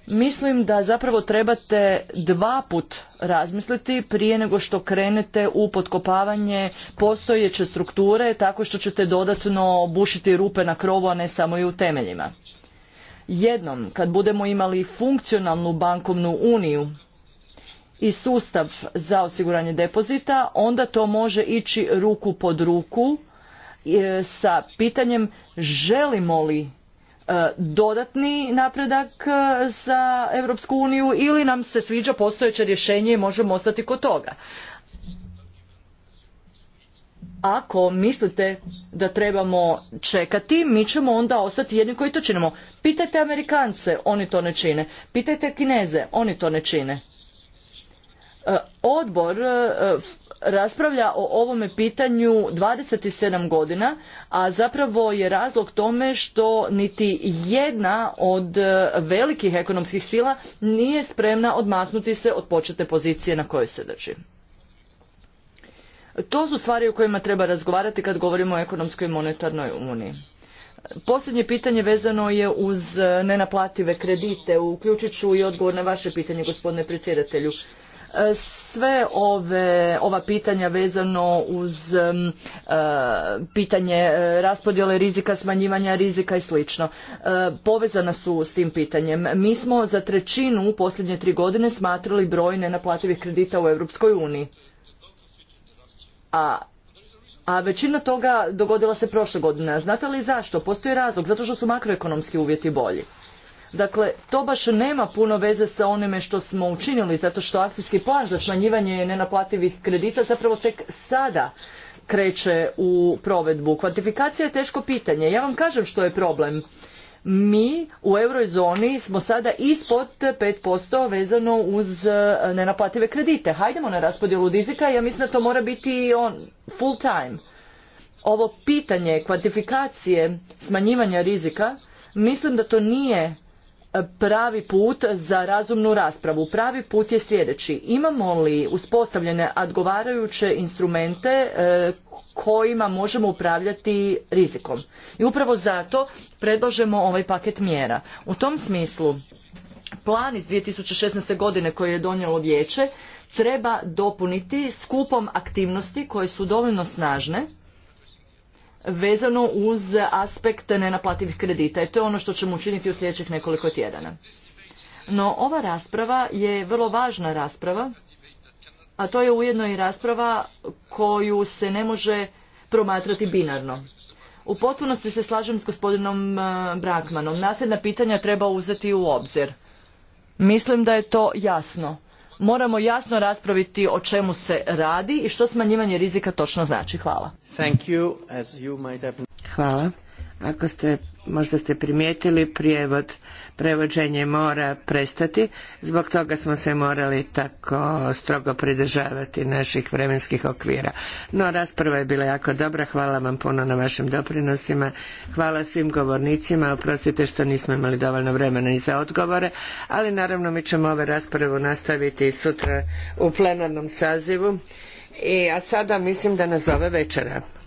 mislim da zapravo trebate dva put razmisliti prije nego što krenete u potkopavanje postojeće strukture tako što ćete dodatno bušiti rupe na krovu, a ne samo i u temeljima. Jednom, kad budemo imali funkcionalnu bankovnu uniju i sustav za osiguranje depozita, onda to može ići ruku pod ruku e, sa pitanjem želimo li E, dodatni napredak e, za Europsku uniju ili nam se sviđa postojeće rješenje i možemo ostati kod toga. Ako mislite da trebamo čekati, mi ćemo onda ostati jedni koji to činimo. Pitajte Amerikance, oni to ne čine. Pitajte Kineze, oni to ne čine. E, odbor e, raspravlja o ovome pitanju 27 godina, a zapravo je razlog tome što niti jedna od e, velikih ekonomskih sila nije spremna odmaknuti se od početne pozicije na kojoj se drži. To su stvari o kojima treba razgovarati kad govorimo o ekonomskoj i monetarnoj uniji. Posljednje pitanje vezano je uz nenaplative kredite. Uključit ću i odgovor na vaše pitanje, gospodine predsjedatelju. E, sve ove, ova pitanja vezano uz e, pitanje e, raspodjele rizika, smanjivanja rizika i slično, povezana su s tim pitanjem. Mi smo za trećinu u posljednje tri godine smatrali broj nenaplativih kredita u Europskoj uniji. A a većina toga dogodila se prošle godine. Znate li zašto? Postoji razlog, zato što su makroekonomski uvjeti bolji. Dakle, to baš nema puno veze sa onime što smo učinili, zato što akcijski plan za smanjivanje nenaplativih kredita zapravo tek sada kreće u provedbu. Kvantifikacija je teško pitanje. Ja vam kažem što je problem. Mi u eurozoni smo sada ispod 5% vezano uz e, nenaplative kredite. Hajdemo na raspodjelu rizika, ja mislim da to mora biti on full time. Ovo pitanje kvantifikacije smanjivanja rizika, mislim da to nije pravi put za razumnu raspravu. Pravi put je sljedeći. Imamo li uspostavljene odgovarajuće instrumente e, kojima možemo upravljati rizikom? I upravo zato predlažemo ovaj paket mjera. U tom smislu plan iz 2016. godine koji je donijelo vijeće treba dopuniti skupom aktivnosti koje su dovoljno snažne vezano uz aspekt nenaplativih kredita i to je ono što ćemo učiniti u sljedećih nekoliko tjedana. No ova rasprava je vrlo važna rasprava, a to je ujedno i rasprava koju se ne može promatrati binarno. U potpunosti se slažem s gospodinom e, Brankmanom. Nasljedna pitanja treba uzeti u obzir. Mislim da je to jasno moramo jasno raspraviti o čemu se radi i što smanjivanje rizika točno znači. Hvala. Hvala. ste, možda ste primijetili, prijevod prevođenje mora prestati, zbog toga smo se morali tako strogo pridržavati naših vremenskih okvira. No, rasprava je bila jako dobra, hvala vam puno na vašim doprinosima, hvala svim govornicima, oprostite što nismo imali dovoljno vremena i za odgovore, ali naravno mi ćemo ove raspravu nastaviti sutra u plenarnom sazivu. I, a sada mislim da nas zove večera.